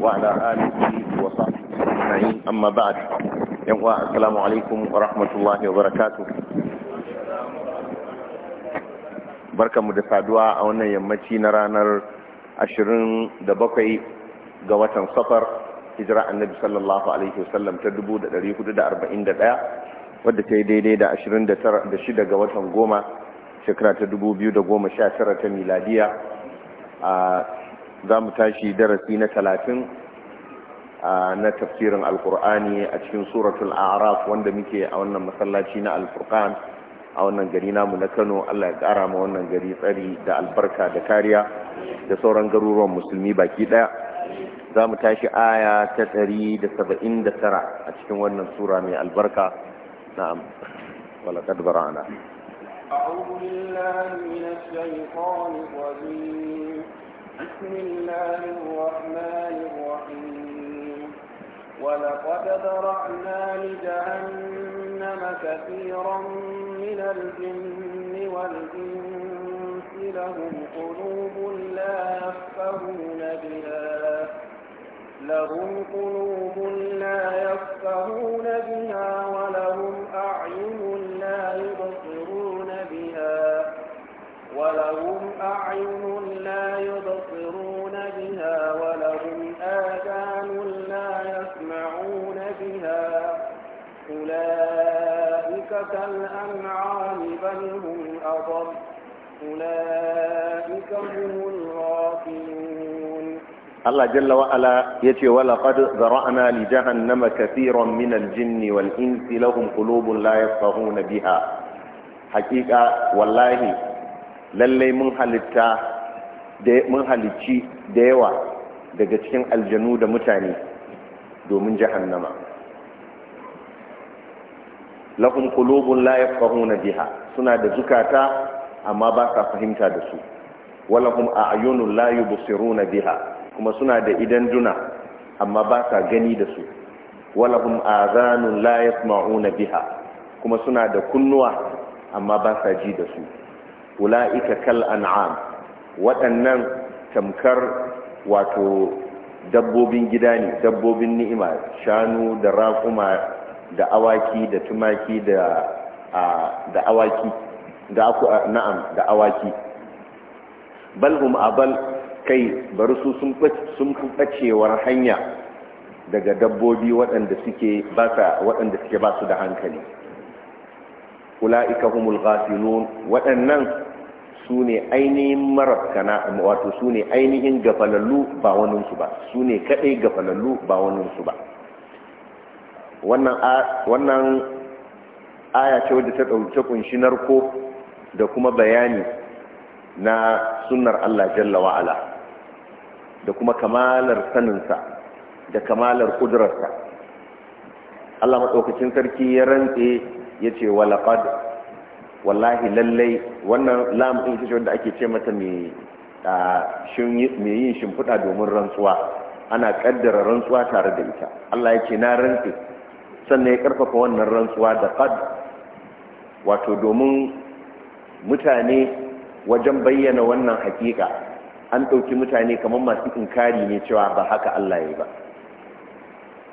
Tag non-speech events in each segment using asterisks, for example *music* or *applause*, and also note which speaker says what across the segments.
Speaker 1: وعلى آله وصحبه أجمعين أما بعد يوم السلام عليكم ورحمة الله وبركاته mu da saduwa a wannan yammaci na ranar 27 ga watan safar hijira annabi sallallahu alaihi wasallam ta 1441 wadda ta yi daidai da 26 ga watan goma shekara ta 2019 ta miladiya a za mu tashi darasi na 30 na tafsirin alkur'ani a cikin suratul a'raf wanda muke a wannan masallaci na alfurqan a wannan gari namu na kano allah ya kara ma wannan gari tsari da albarka da kariya da sauran garuruwan musulmi baki daya za mu tashi aya ta 179 a cikin wannan sura mai albarka na'am
Speaker 2: walaqad bara'ana أعوذ بالله من الشيطان الرجيم بسم الله الرحمن الرحيم ولقد ذرعنا لجهنم جهنم كثيرا من الجن والإنس لهم قلوب لا يفقهون بها لهم قلوب لا يفقهون بها ولهم أعين لا يبصرون بها ولهم أعين لا يبصرون بها ولهم آذان أولئك كالأنعام بل هم أضل أولئك هم الغافلون
Speaker 1: الله جل وعلا يتي ولقد ذرأنا لجهنم كثيرا من الجن والإنس لهم قلوب لا يفقهون بها حقيقة والله للي من حلتا من halicci da yawa daga cikin aljanu da mutane domin jahannama lahum qulubun la yafqahuna biha suna da zukata amma ba sa fahimta da su walahum a'yunun la yubsiruna biha kuma suna da idan duna amma ba sa gani da su walahum azanun la yasma'una biha kuma suna da kunnuwa amma ba sa ji da su ula'ika kal an'am waɗannan tamkar wato dabbobin gida ne dabbobin ni'ima shanu da raƙuma da awaki da tumaki da da awaki da aku na'am da awaki bal hum abal kai bari su sun sun bacewar hanya daga dabbobi waɗanda suke ba waɗanda suke ba su da hankali ulaika humul ghafilun waɗannan su ne ainihin marafkana wato su ne ainihin gafalallu ba waninsu ba su ne kaɗai gafalallu ba waninsu ba wannan aya ce wadda ta ɗauke kunshi narko da kuma bayani na sunnar Allah jalla wa'ala da kuma kamalar saninsa da kamalar ƙudurarsa Allah maɗaukacin sarki ya rantse ya ce walaƙad wallahi lallai wannan lamun ita ce wadda ake ce mata mai yin shimfiɗa domin rantsuwa ana ƙaddara rantsuwa tare da ita Allah ya ce na rantse sannan ya karfafa wannan rantsuwa da kad wato domin mutane wajen bayyana wannan hakika an ɗauki mutane kamar masu inkari ne cewa ba haka Allah ya yi ba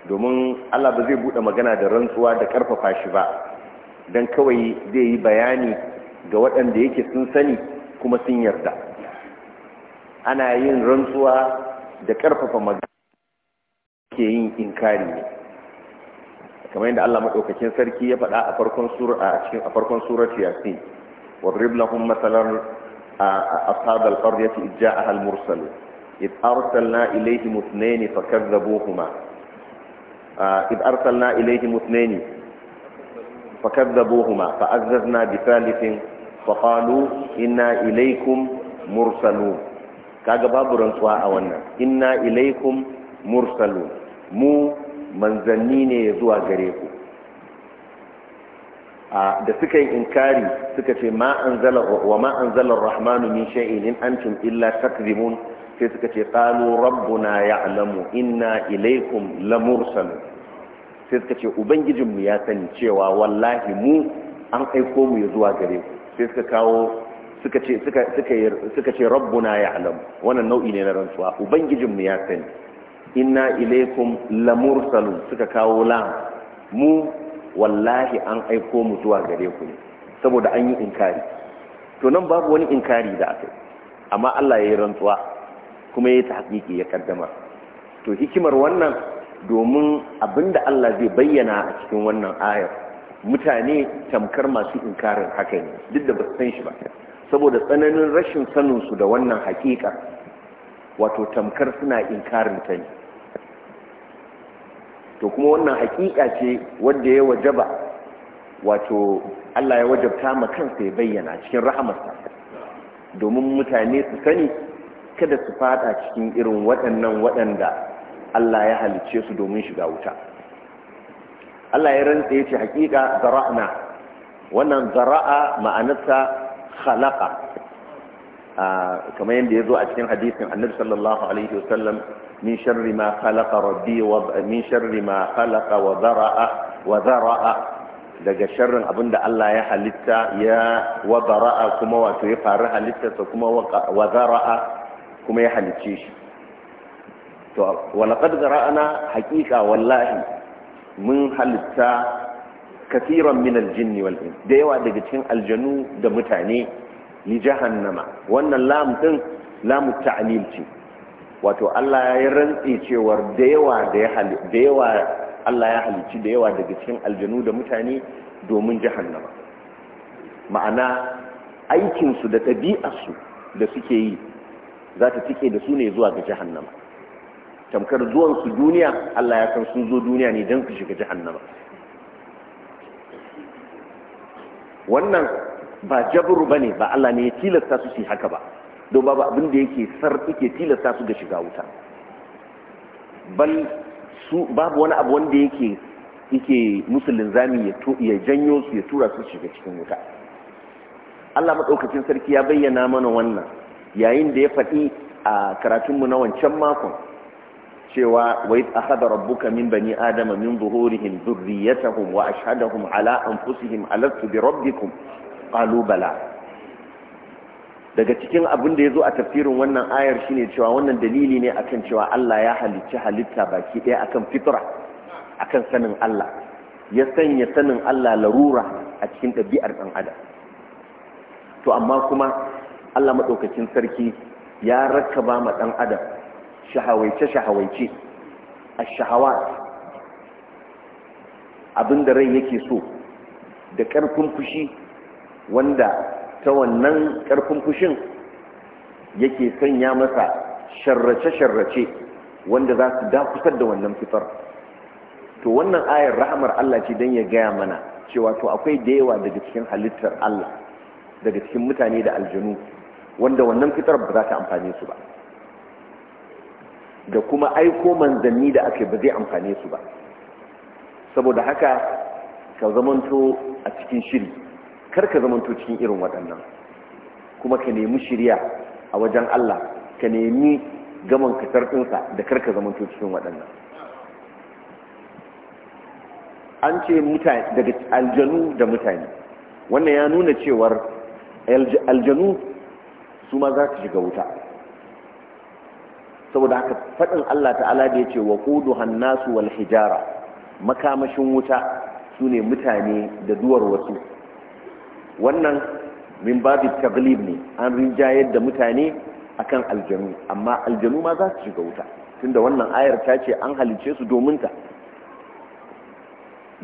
Speaker 1: domin Allah ba zai buɗe magana da rantsuwa da karfafa shi ba don kawai zai yi bayani ga waɗanda yake sun sani kuma sun yarda ana yin rantsuwa da karfafa magana ke yin inkari ne kamar yadda Allah madaukakin sarki ya faɗa a farkon sura a cikin a farkon surati yasin wadrib lahum masalan ashab alqaryati ijaaha almursalun إذ أرسلنا إليهم اثنين فكذبوهما إذ أرسلنا إليهم اثنين فكذبوهما fa بثالث inna إنا mursalu مرسلون كاغا باب a wannan inna إليكم mursalu mu. manzanni ne zuwa gare ku da suka yi inkari suka ce wa ma anzala rahmanu min shay'in in antum illa takzimun sai suka ce qalu rabbuna ya'lamu inna ilaykum lamursalun sai suka ce ubangijinmu ya sani cewa wallahi mu an aiko mu ya zuwa gare ku sai suka kawo suka ce suka ce rabbuna ya'lamu wannan nau'i ne na rantsuwa ubangijinmu ya sani inna ilaikum lamursalun suka kawo lam mu wallahi an aiko mu zuwa gare ku ne saboda an yi inkari to nan babu wani inkari da aka amma Allah ya yi rantsuwa kuma ya yi ta hakiki ya kaddama to hikimar wannan domin abinda Allah zai bayyana a cikin wannan ayar mutane tamkar masu inkarin haka ne duk da ba san shi ba saboda tsananin rashin sanin su da wannan hakika wato tamkar suna inkarin ta ne to kuma wannan haƙiƙa ce wanda ya wajaba wato Allah ya wajabta ma kansa ya bayyana cikin rahamarsa domin mutane su sani kada su fada cikin irin waɗannan waɗanda Allah ya halicce su domin shiga wuta Allah ya rantsa ya ce haƙiƙa zara'na wannan zara'a ma'anarsa khalaqa kamar yadda ya zo a cikin hadisin annabi sallallahu alaihi wasallam min sharri ma khalaqa rabbi wa min sharri ma khalaqa wa zara'a wa zara'a daga sharrin abinda Allah ya halitta ya wa zara'a kuma wato ya faru halittarsa kuma wa zara'a kuma ya halicce shi to wa laqad zara'ana haqiqa wallahi mun halitta kafiran min aljinni wal da yawa daga cikin aljanu da mutane li jahannama wannan lam din lamu ta'lil ce wato Allah ya yi rantsi cewar da yawa da ya da yawa Allah ya halici da yawa daga cikin aljanu da mutane domin jahannama ma'ana aikin su da ɗabi'arsu su da suke yi za ta tike da su ne zuwa ga jahannama tamkar zuwan su duniya Allah ya san sun zo duniya ne don su shiga jahannama wannan ba jabru bane ba Allah ne ya tilasta su su haka ba don babu abin da yake sar yake tilasta su ga shiga wuta bal su babu wani abu wanda yake yake musulun zami ya to ya janyo su ya tura su shiga cikin wuta Allah madaukakin sarki ya bayyana mana wannan yayin da ya faɗi a karatun mu na wancan makon cewa wa yi akhadha rabbuka min bani adama min zuhurihim dhurriyyatahum wa ashhadahum ala anfusihim alastu bi rabbikum Bala, daga cikin abin da ya zo a tafsirin wannan ayar ne cewa wannan dalili ne akan cewa Allah ya halicci halitta baki ɗaya akan fitra akan sanin Allah ya sanya sanin Allah larura a cikin ɗabi'ar ɗan adam to amma kuma Allah maɗaukakin sarki ya rakkaba ma ɗan adam shahawaice shahawaice a shahawa abin da rai yake so da ƙarfin fushi wanda ta wannan ƙarfin fushin yake sanya masa sharrace-sharrace wanda za su dakusar da wannan fitar to wannan ayar rahamar Allah ce don ya gaya mana cewa to akwai da yawa daga cikin halittar Allah daga cikin mutane da aljanu wanda wannan fitar ba za ta amfane su ba da kuma aiko manzanni da aka ba zai amfane su ba saboda haka ka zamanto a cikin shiri kar ka zamanto cikin irin waɗannan kuma ka nemi shirya a wajen Allah ka nemi gaman kasar ɗinsa da kar ka zamanto cikin waɗannan an ce mutane daga aljanu da mutane wannan ya nuna cewar aljanu su ma za su shiga wuta saboda haka faɗin Allah ta'ala da ya ce wa ƙudu hannasu wal hijara makamashin wuta su ne mutane da duwar wasu wannan min babu taglib ne an rinjayar da mutane akan aljanu amma aljanu ma za su shiga wuta tunda wannan ayar ta ce an halice su domin ta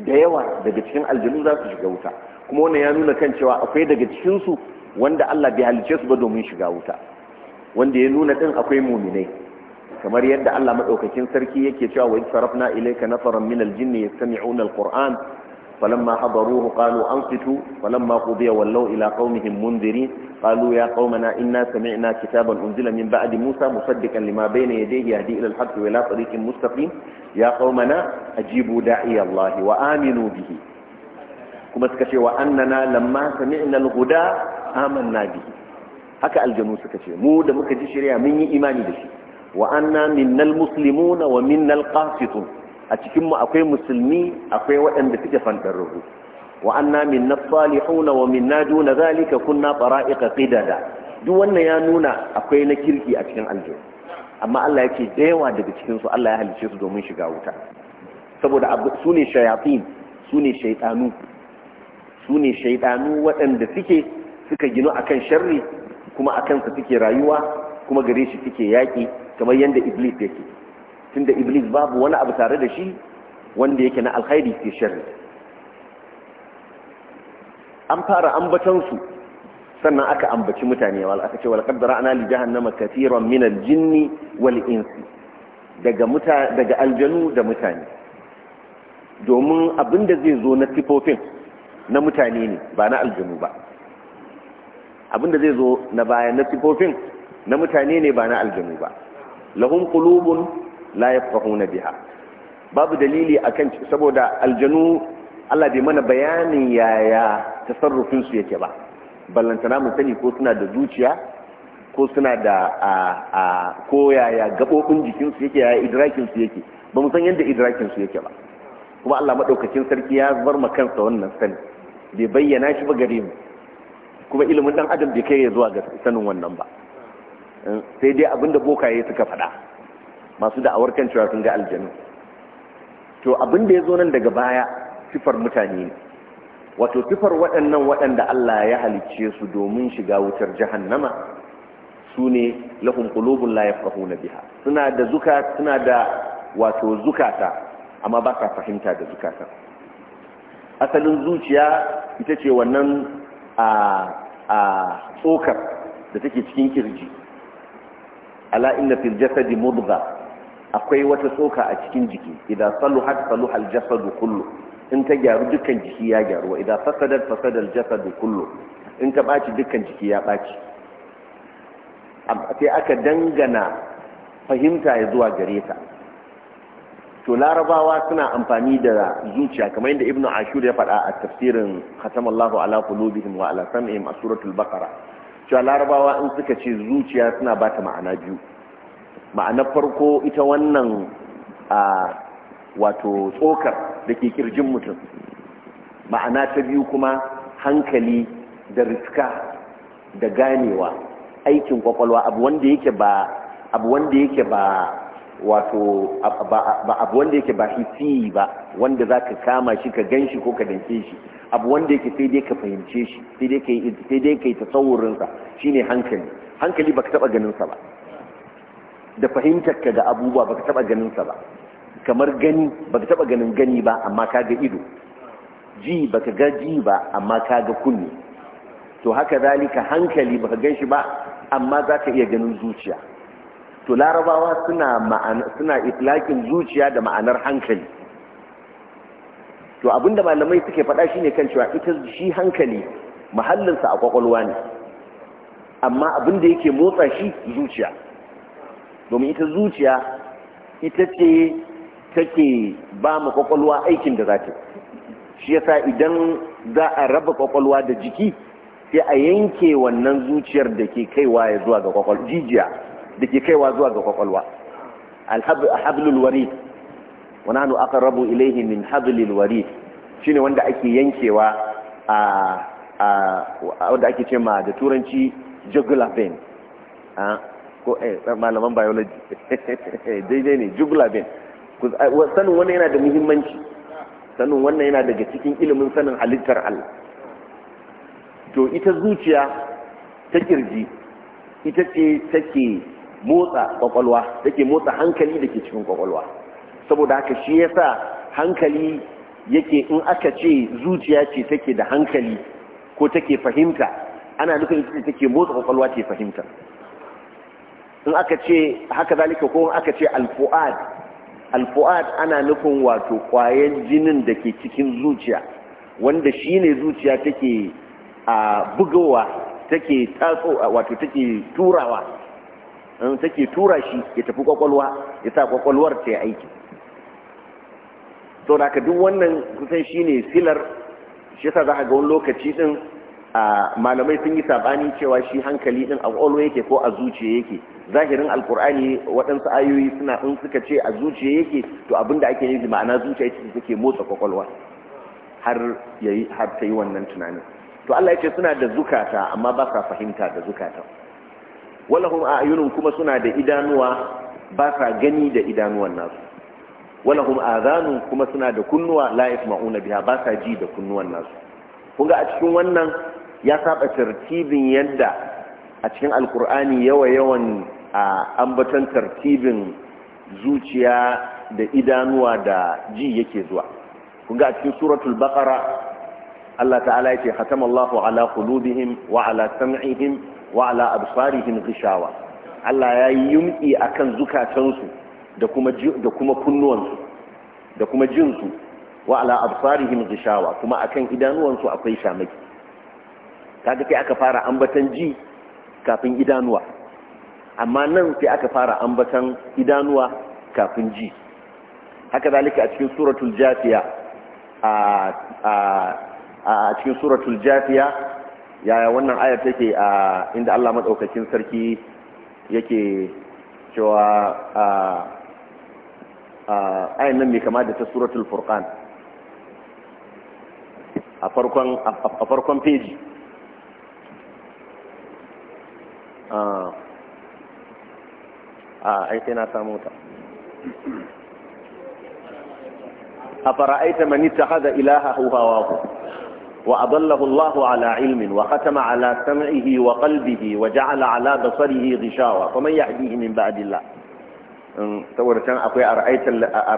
Speaker 1: da yawa daga cikin aljanu za su shiga wuta kuma wannan ya nuna kan cewa akwai daga cikinsu wanda Allah bai halice su ba domin shiga wuta wanda ya nuna din akwai muminai kamar yadda Allah madaukakin sarki yake cewa wa sarafna ilayka nafaran min aljinni yastami'una alquran فلما حضروه قالوا أنصتوا فلما قضي ولوا إلى قومهم منذرين قالوا يا قومنا إنا سمعنا كتابا أنزل من بعد موسى مصدقا لما بين يديه يهدي إلى الحق وإلى طريق مستقيم يا قومنا أجيبوا داعي الله وآمنوا به كما سكشي وأننا لما سمعنا الغداء آمنا به هكا الجنو سكشي مو دمك جشريا مني إيماني بشي وأنا منا المسلمون ومنا القاسطون a cikinmu akwai musulmi akwai waɗanda suke fantararru wa anna minna salihuna wa minna duna zalika kunna bara'iqa qidada duk wannan ya nuna akwai na kirki a cikin aljo amma Allah ya ce da yawa daga cikin su Allah ya halice su domin shiga wuta saboda su ne shayatin su ne shaidanu su ne waɗanda suke suka ginu akan sharri kuma akan su suke rayuwa kuma gare shi suke yaƙi kamar yadda iblis yake tunda iblis babu wani abu tare da shi wanda yake na alkhairi ke sharri an fara ambatansu sannan aka ambaci mutane wal aka ce wal qaddara ana li jahannama katiran min al jinni wal insi daga muta daga aljanu da mutane domin abinda zai zo na tifofin na mutane ne ba na aljanu ba abinda zai zo na baya na tifofin na mutane ne ba na aljanu ba lahum qulubun la yafqahuna biha babu dalili akan saboda aljanu Allah bai mana bayanin yaya tasarrufin su yake ba ballantana mu sani ko suna da zuciya ko suna da a ko yaya gabobin jikin su yake yaya idrakin su yake ba mu san yadda idrakin su yake ba kuma Allah madaukakin sarki ya bar ma kansa wannan sani bai bayyana shi ba gare mu kuma ilimin ɗan adam bai kai ya zuwa ga sanin wannan ba eh, sai dai abinda bokaye suka faɗa masu da'awar kan cewa sun ga aljanu to abin da ya zo nan daga baya sifar mutane ne wato sifar waɗannan waɗanda Allah ya halicce su domin shiga wutar jahannama su ne lahum qulubun la yafqahuna biha suna da zuka suna da wato zukata amma ba sa fahimta da zukata asalin zuciya ita ce wannan a a tsokar da take cikin kirji ala inna fil jasadi mudghah akwai wata tsoka a cikin jiki idan saluhat saluha al-jasad kullu in ta gyaru dukkan jiki ya gyaru idan fasadat fasada al-jasad kullu in ta baci dukkan jiki ya baci sai aka dangana fahimta ya zuwa gare ta to larabawa suna amfani da zuciya kamar yadda ibnu ashur ya faɗa a tafsirin khatamallahu ala qulubihim wa ala sam'ihim a suratul baqara cewa larabawa in suka ce zuciya suna ba ta ma'ana biyu Ma'ana farko ita wannan a wato tsokar da ke kirjin mutum ma'ana ta biyu kuma hankali da riska da ganewa aikin kwakwalwa abu wanda yake ba abu wanda yake ba wato abu wanda yake ba hissiyi ba wanda za ka kama shi ka gan shi ko ka danke shi abu wanda yake sai dai ka fahimce shi sai dai ka yi tasawurinsa shine hankali hankali ba ka taɓa ganinsa ba da fahimtar ka ga abubuwa baka taba ganin sa ba kamar gani baka taba ganin gani ba amma ka ido ji baka ga ji ba amma ka ga kunne to haka zalika hankali baka gan shi ba amma za ka iya ganin zuciya to larabawa suna ma'ana zuciya da ma'anar hankali to abinda malamai suke faɗa shine kan cewa ita shi hankali mahallinsa a kwakwalwa ne amma abinda yake motsa shi zuciya domin ita zuciya ita ce take ba mu kwakwalwa aikin da za ta shi yasa idan za a raba kwakwalwa da jiki sai a yanke wannan zuciyar da ke kaiwa ya zuwa ga kwakwalwa jijiya da ke kaiwa zuwa ga kwakwalwa alhablul wani hannu aka rabu ilaihi min shi shine wanda ake yankewa a wanda ake ma da turanci jugular vein ah, ko eh malaman biology *laughs* daidai ne jugla bin sanin wannan yana da muhimmanci sanin wannan yana daga cikin ilimin sanin halittar Allah to ita zuciya ta kirji ita ce take motsa kwakwalwa take motsa hankali da ke cikin kwakwalwa saboda haka shi yasa hankali yake in aka ce zuciya ce take da hankali ko take fahimta ana nufin ita take motsa kwakwalwa ce fahimta in aka ce haka zalika ko aka ce alfu'ad alfu'ad ana nufin wato kwayen jinin da ke cikin zuciya wanda shi ne zuciya take a bugowa take tatso wato take turawa take tura shi ya tafi kwakwalwa ya sa kwakwalwar ta yi aiki to da duk wannan kusan shi ne silar shi sa za ga wani lokaci din malamai sun yi sabani cewa shi hankali din a ƙwaƙwalwa yake ko a zuciya yake zahirin alkur'ani waɗansu ayoyi suna in suka ce a zuciya yake to abinda ake nufi ma'ana zuciya yake take motsa ƙwaƙwalwa har yayi har ta yi wannan tunanin to Allah ya ce suna da zukata amma ba sa fahimta da zukata walahum a'yunun kuma suna da idanuwa ba sa gani da idanuwan nasu walahum azanun kuma suna da kunnuwa la yasma'una biha ba sa ji da kunnuwan nasu kun ga a cikin wannan ya saba tartibin yadda a cikin alkur'ani yawa-yawan a ambatan tartibin zuciya da idanuwa da ji yake zuwa kuga a cikin suratul baqara Allah ta'ala yake khatama Allahu ala qulubihim wa ala sam'ihim wa ala absarihim ghishawa Allah ya yi yumi akan zukatansu da kuma da kuma kunnuwansu da kuma jinsu wa ala absarihim ghishawa kuma akan idanuwansu akwai shamaki kaga sai aka fara ambatan ji kafin idanuwa amma nan sai aka fara ambatan idanuwa kafin ji haka zalika a cikin suratul jafiya a cikin suratul jafiya yaya wannan ayar take a inda Allah madaukakin sarki yake cewa ayan nan mai kama da ta suratul furqan a farkon a farkon peji a ah. ah, ai sai na samu ta a fara'aita mani ta haza ilaha hawa ku wa adallahu Allah ala ilmin wa khatama ala sam'ihi wa qalbihi wa ja'ala ala basarihi ghishawa faman yahdihi min ba'dillah saboda can akwai a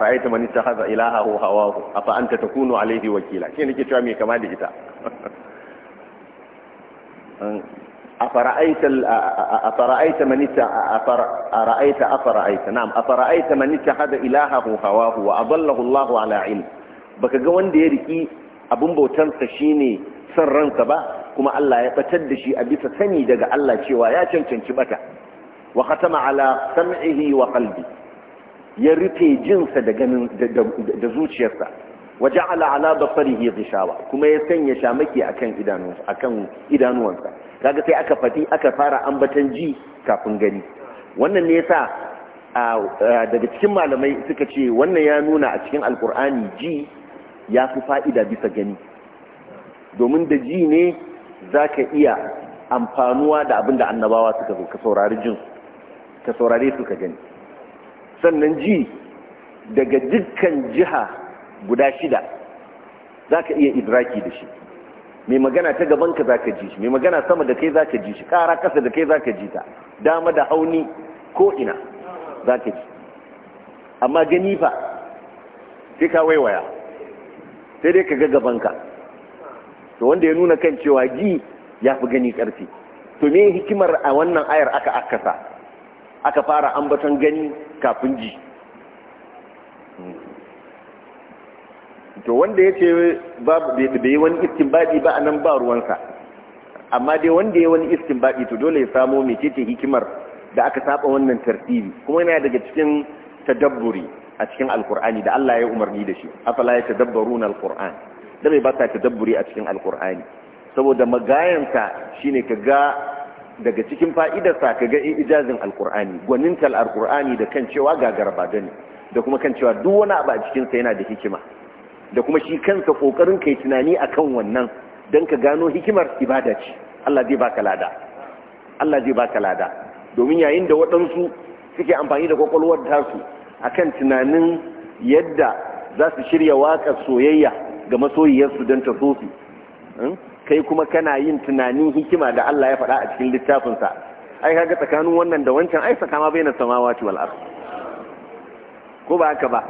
Speaker 1: ra'aita mani ta haza ilaha hawa ku afa anta takunu alayhi wakila shi nake cewa me kama da ita *laughs* أفرأيت ال... أفرأيت من ات... أفر... أرأيت أفرأيت نعم أفرأيت من اتخذ إلهه هواه وأضله الله على علم baka ga wanda ya riki abin bautansa shine son ransa ba kuma Allah ya batar da shi a bisa sani daga Allah cewa ya cancanci bata wa khatama ala sam'ihi wa qalbi ya rufe jinsa da ganin da zuciyarsa wa ja'ala ala basarihi ghishawa kuma ya sanya shamaki akan idanuwansa akan idanuwansa kaga sai aka faɗi aka fara ambatan ji kafin gani wannan ne yasa daga cikin malamai suka ce wannan ya nuna a cikin alkur'ani ji ya fi fa'ida bisa gani domin da ji ne za ka iya amfanuwa da abin da annabawa suka ka saurari jin ka saurare su ka gani sannan ji daga dukkan jiha guda shida za ka iya idraki da shi mai magana ta gaban ka zaka ji shi mai magana sama da kai zaka ji shi kara kasa da kai zaka ji ta dama da hauni ko ina zaka ji amma gani fa sai ka waiwaya sai dai ka ga gabanka. ka to wanda ya nuna kan cewa ji ya fi gani karfi to me hikimar a wannan ayar aka akasa aka fara ambaton gani kafin ji hmm. to wanda ya ce bai wani iskin baɗi ba a nan ba ruwansa amma dai wanda ya wani iskin baɗi to dole ya samo mai keke hikimar da aka saba wannan tartibi kuma yana daga cikin tadabburi a cikin alkur'ani da Allah ya umarni da shi afala ya na alkur'an da bai baka tadabburi a cikin alkur'ani saboda magayanka shine ka ga daga cikin fa'idarsa ka ga ijazin alkur'ani tal alkur'ani da kan cewa ga Garba da kuma kan cewa duk wani abu a cikinsa yana da hikima da kuma shi kansa kokarin kai tunani akan wannan dan ka gano hikimar ibada ce Allah zai baka lada Allah zai baka lada domin yayin da waɗansu suke amfani da kwakwalwar tasu akan tunanin yadda za su shirya waƙar soyayya ga masoyiyarsu don ta sofi hmm? kai kuma kana yin tunanin hikima da Allah ya faɗa a cikin littafinsa ai kaga tsakanin wannan da wancan ai sakama bai na samawa wal ardh ko ba haka ba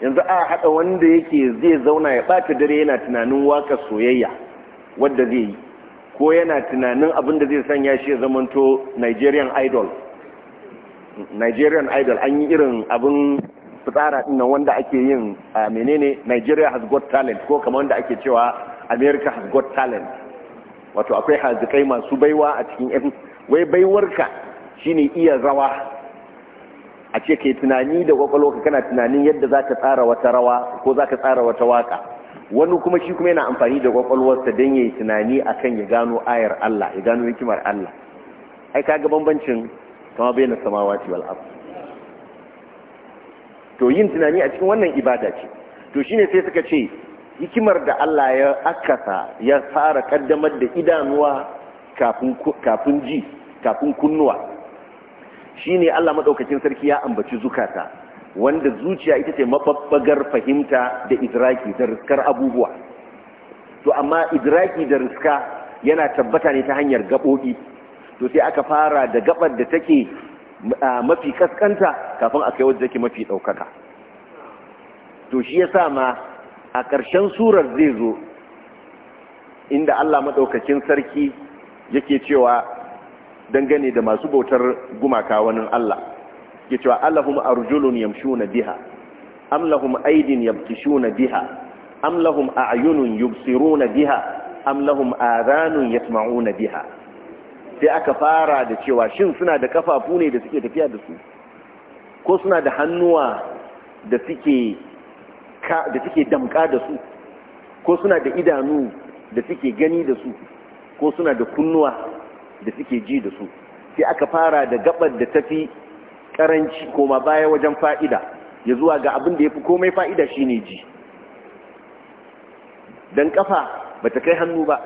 Speaker 1: yanzu a haɗa wanda yake zai zauna ya ɓata dare yana tunanin waka soyayya wadda zai yi ko yana tunanin abin da zai sanya shi ya zamanto nigerian idol nigerian idol an yi irin abin fitsara ɗin wanda ake yin a menene nigeria has got talent ko kamar wanda ake cewa america has got talent wato akwai hazikai masu baiwa a cikin yan wai baiwarka shine iya rawa a ce yi tunani da kwakwalwa kana tunanin yadda za ka tsara wata rawa ko za ka tsara wata waka wani kuma shi kuma yana amfani da kwakwalwarsa don ya yi tunani a kan ya gano ayar Allah ya gano hikimar Allah ai ka ga bambancin kama bai na samawa ce wal to yin tunani a cikin wannan ibada ce to shine sai suka ce hikimar da Allah ya akasa ya fara kaddamar da idanuwa kafin ji kafin kunnuwa Shi ne Allah madaukakin sarki ya ambaci zukata wanda zuciya ita ce mababbagar fahimta da idraki da riskar abubuwa to amma idraki da riska yana tabbata ne ta hanyar gabobi to sai aka fara da gaɓar da take mafi kaskanta kafin a kai wajen take mafi ɗaukaka. to shi yasa ma a ƙarshen surar zai zo inda Allah madaukakin sarki yake cewa dangane da masu bautar gumaka wani Allah ke cewa allahum arjulun yamshuna biha am lahum aydin yabtishuna biha am lahum a'yunun yubsiruna biha am lahum adhanun yasma'una biha sai aka fara da cewa shin suna da kafafu ne da suke tafiya da su ko suna da hannuwa da suke damka da su ko suna da idanu da suke gani da su ko suna da kunnuwa da suke ji da su sai aka fara da gabar da tafi karanci koma baya wajen fa'ida ya zuwa ga abin da ya fi komai fa'ida shine ji don kafa ba ta kai hannu ba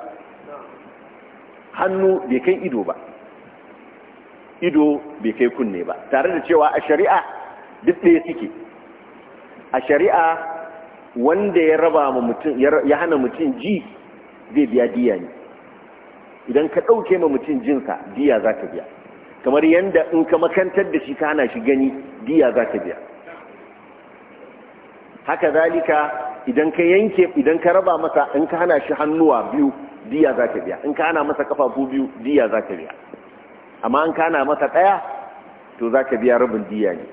Speaker 1: hannu bai kai ido ba ido bai kai kunne ba tare da cewa a shari'a duk ɗaya suke a shari'a wanda ya raba mutum ya hana mutum ji zai biya diya ne idan ka ɗauke ma mutum jinsa diya za ka biya kamar yadda in ka makantar da shi ka hana shi gani diya za ka biya haka zalika idan ka yanke idan ka raba masa in ka hana shi hannuwa biyu diya za ka biya in ka hana masa kafafu biyu diya za ka biya amma in ka hana masa ɗaya to za ka biya rabin diya ne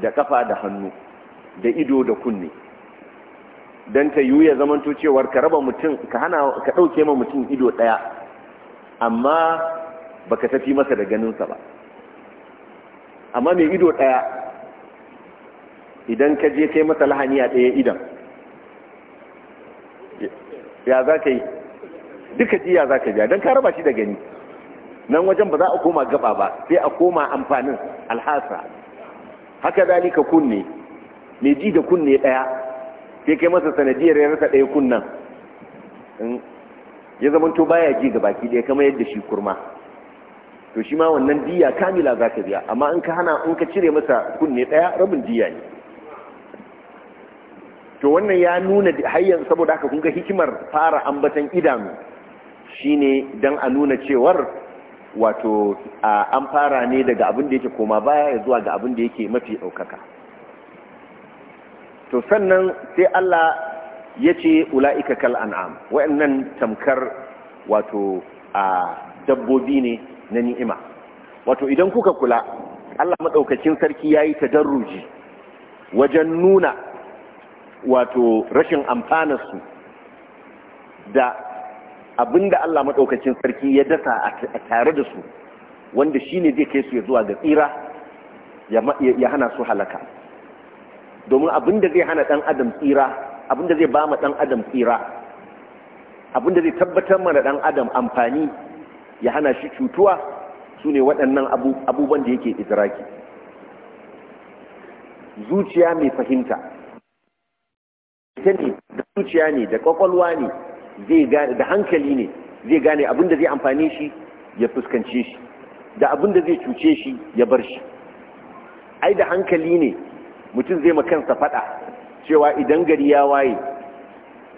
Speaker 1: da kafa da hannu da ido da kunne don ta yi ya zamanto cewar ka raba mutum ka hana ka ɗauke ma mutum ido ɗaya amma baka tafi masa da ganinsa ba amma mai ido ɗaya idan ka je kai masa lahani a ɗaya idan ya za ka yi duka jiya za ka ja don ka raba shi da gani nan wajen ba za a koma gaba ba sai a koma amfanin alhasa haka zalika kunne mai ji da kunne ɗaya sai kai masa sanadiyar ya rasa ɗaya kunnan ya zamanto baya ji ga baki ɗaya kamar yadda shi kurma to shi ma wannan diya kamila za ka biya amma in ka hana in ka cire masa kunne ɗaya rabin diya ne to wannan ya nuna hayyar saboda haka kun hikimar fara ambatan idanu shine dan a nuna cewar wato an fara ne daga abin da yake koma baya zuwa ga abin da yake mafi ɗaukaka to sannan sai Allah ya ce ula'ika kal an'am wa'annan tamkar wato a dabbobi ne na ni'ima wato idan kuka kula Allah madaukakin sarki yayi tadarruji wajen nuna wato rashin amfanar su da abinda Allah maɗaukacin sarki ya dasa a tare da su wanda shi ne zai kai su ya zuwa ga tsira ya hana su halaka domin abin da zai hana ɗan adam tsira abin da zai ba ma ɗan adam tsira abin da zai tabbatar mana ɗan adam amfani ya hana shi cutuwa su ne waɗannan abubuwan da yake idraki zuciya mai fahimta ita ne da zuciya ne da kwakwalwa ne da hankali ne zai gane abin da zai amfani shi ya fuskance shi da abin da zai cuce shi ya bar shi ai da hankali ne mutum zai ma kansa fada cewa idan gari ya waye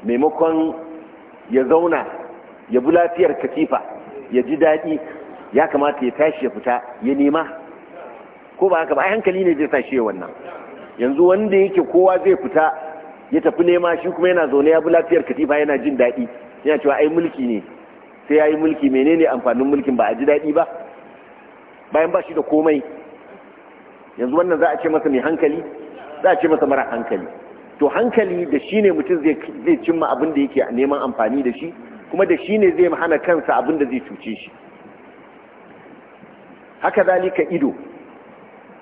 Speaker 1: maimakon ya zauna ya bi lafiyar katifa ya ji daɗi ya kamata ya tashi ya fita ya nema ko ba haka ba ai hankali ne zai tashi ya wannan yanzu wanda yake kowa zai fita ya tafi nema shi kuma yana zaune ya bi lafiyar katifa yana jin daɗi yana cewa ai mulki ne sai ya yi mulki menene amfanin mulkin ba a ji daɗi ba bayan ba shi da komai yanzu wannan za a ce masa mai hankali za a ce masa mara hankali to hankali da shi ne mutum zai cimma abin da yake neman amfani da shi kuma da shi ne zai hana kansa abin da zai cuce shi haka zalika ido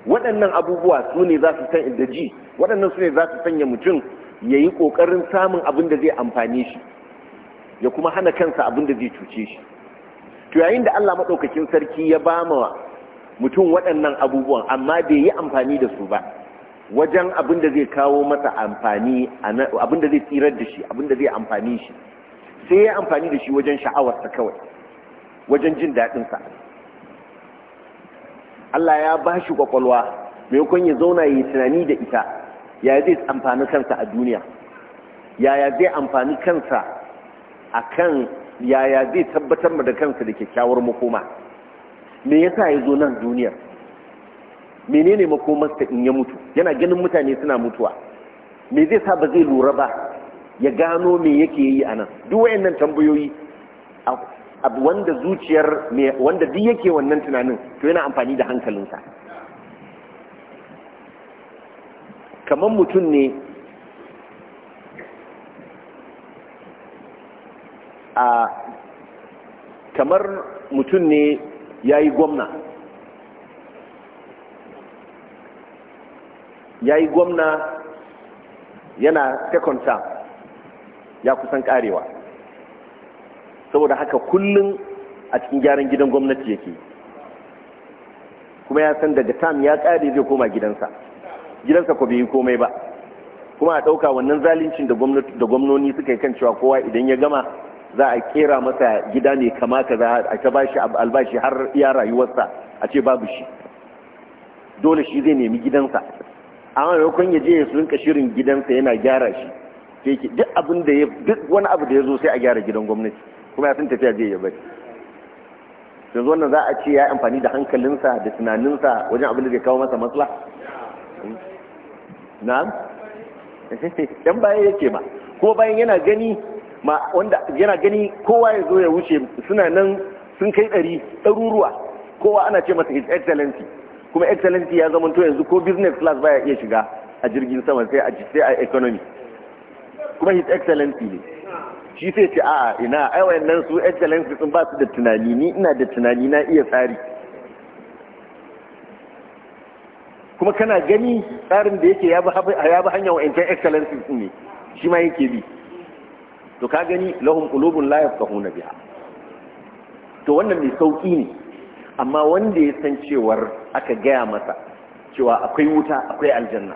Speaker 1: waɗannan abubuwa su ne za su san inda ji waɗannan su ne za su sanya mutum ya yi ƙoƙarin samun abin da zai amfane shi ya kuma hana kansa abin da zai cuce shi to yayin da Allah maɗaukakin sarki ya ba mutum waɗannan abubuwan amma bai yi amfani da su ba wajen abin da zai kawo masa amfani abin da zai tsirar da shi abin da zai amfani shi sai ya amfani da shi wajen sha'awarsa kawai wajen jin daɗinsa Allah ya ba shi kwakwalwa kwan ya zauna ya yi tunani da ita ya zai amfani kansa a duniya yaya zai amfani kansa a kan yaya zai tabbatar da kansa da kyakkyawar makoma me yasa ya zo nan duniyar menene makomarsa in ya mutu yana ganin mutane suna mutuwa me zai sa ba zai lura ba ya gano me yake yi a nan duk wayannan tambayoyi abu wanda zuciyar wanda duk yake wannan tunanin to yana amfani da hankalinsa kamar mutum ne a kamar mutum ne ya yi gwamna ya yi gwamna yana second ya kusan karewa saboda haka kullum a cikin gyaran gidan gwamnati yake kuma ya san daga tam ya kare zai koma gidansa gidansa ko bai yi komai ba kuma a ɗauka wannan zalincin da gwamnoni suka yi kan cewa kowa idan ya gama za a kera masa gida ne kama ka za a ta bashi albashi har iya rayuwarsa a ce babu shi dole shi zai nemi gidansa a maimakon ya je ya rinka shirin gidansa yana gyara shi sai duk abin da ya duk wani abu da ya zo sai a gyara gidan gwamnati kuma ya sun tafiya zai ya bari yanzu wannan za a ce ya amfani da hankalinsa da tunaninsa wajen abin da zai kawo masa matsala na'am dan *laughs* baya yake ba ko bayan yana gani ma wanda yana gani kowa ya zo ya wuce suna nan sun kai ɗari ɗaruruwa kowa ana ce masa his excellency kuma excellency ya zama to yanzu ko business class baya iya shiga a jirgin sama sai a sai a economy kuma his excellency ne shi sai ce a'a ina ai wayannan su excellency sun ba su da tunani ni ina da tunani na iya tsari kuma kana gani tsarin da yake ya bi ya hanyar wa'ancan excellency ne shi ma yake bi to ka gani lahum qulubun la yafqahuna biha to wannan mai sauki ne amma wanda ya san cewar aka gaya masa cewa akwai wuta akwai aljanna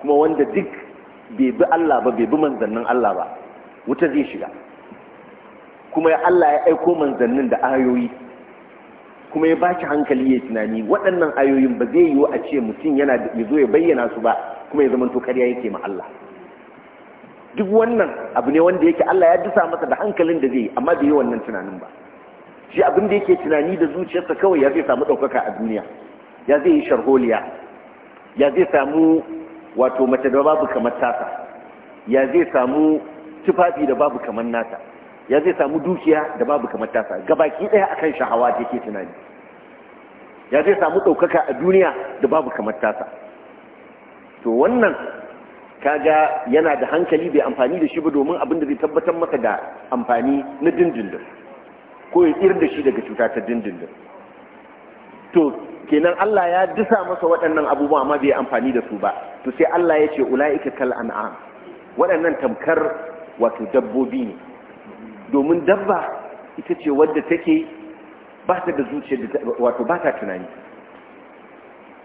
Speaker 1: kuma wanda duk bai bi Allah ba bai bi manzannin Allah ba wuta zai shiga kuma ya Allah ya aiko manzannin da ayoyi kuma ya baki hankali ya tunani waɗannan ayoyin ba zai yiwu a ce mutum yana ya zo ya bayyana su ba kuma ya zama to ya yake ma Allah duk wannan abu ne wanda yake Allah ya dusa masa da hankalin da zai yi amma bai yi wannan tunanin ba shi abin da yake tunani da zuciyarsa kawai ya zai samu ɗaukaka a duniya ya zai yi sharholiya ya zai samu wato mace da babu kamar tasa ya zai samu tufafi da babu kamar nata ya zai samu dukiya da babu kamar tasa gabaki ɗaya akan shahawa da yake tunani ya zai samu ɗaukaka a duniya da babu kamar tasa to wannan kaga yana da hankali bai amfani da shi ba domin abin da zai tabbatar masa da amfani na dindindin ko ya tsir da shi daga cuta ta dindindin to kenan Allah ya disa masa waɗannan abubuwa amma bai amfani da su ba to sai Allah ya ce ula'ika kal an'am waɗannan tamkar wato dabbobi ne domin dabba ita ce wadda take ba ta da zuciya wato ba ta tunani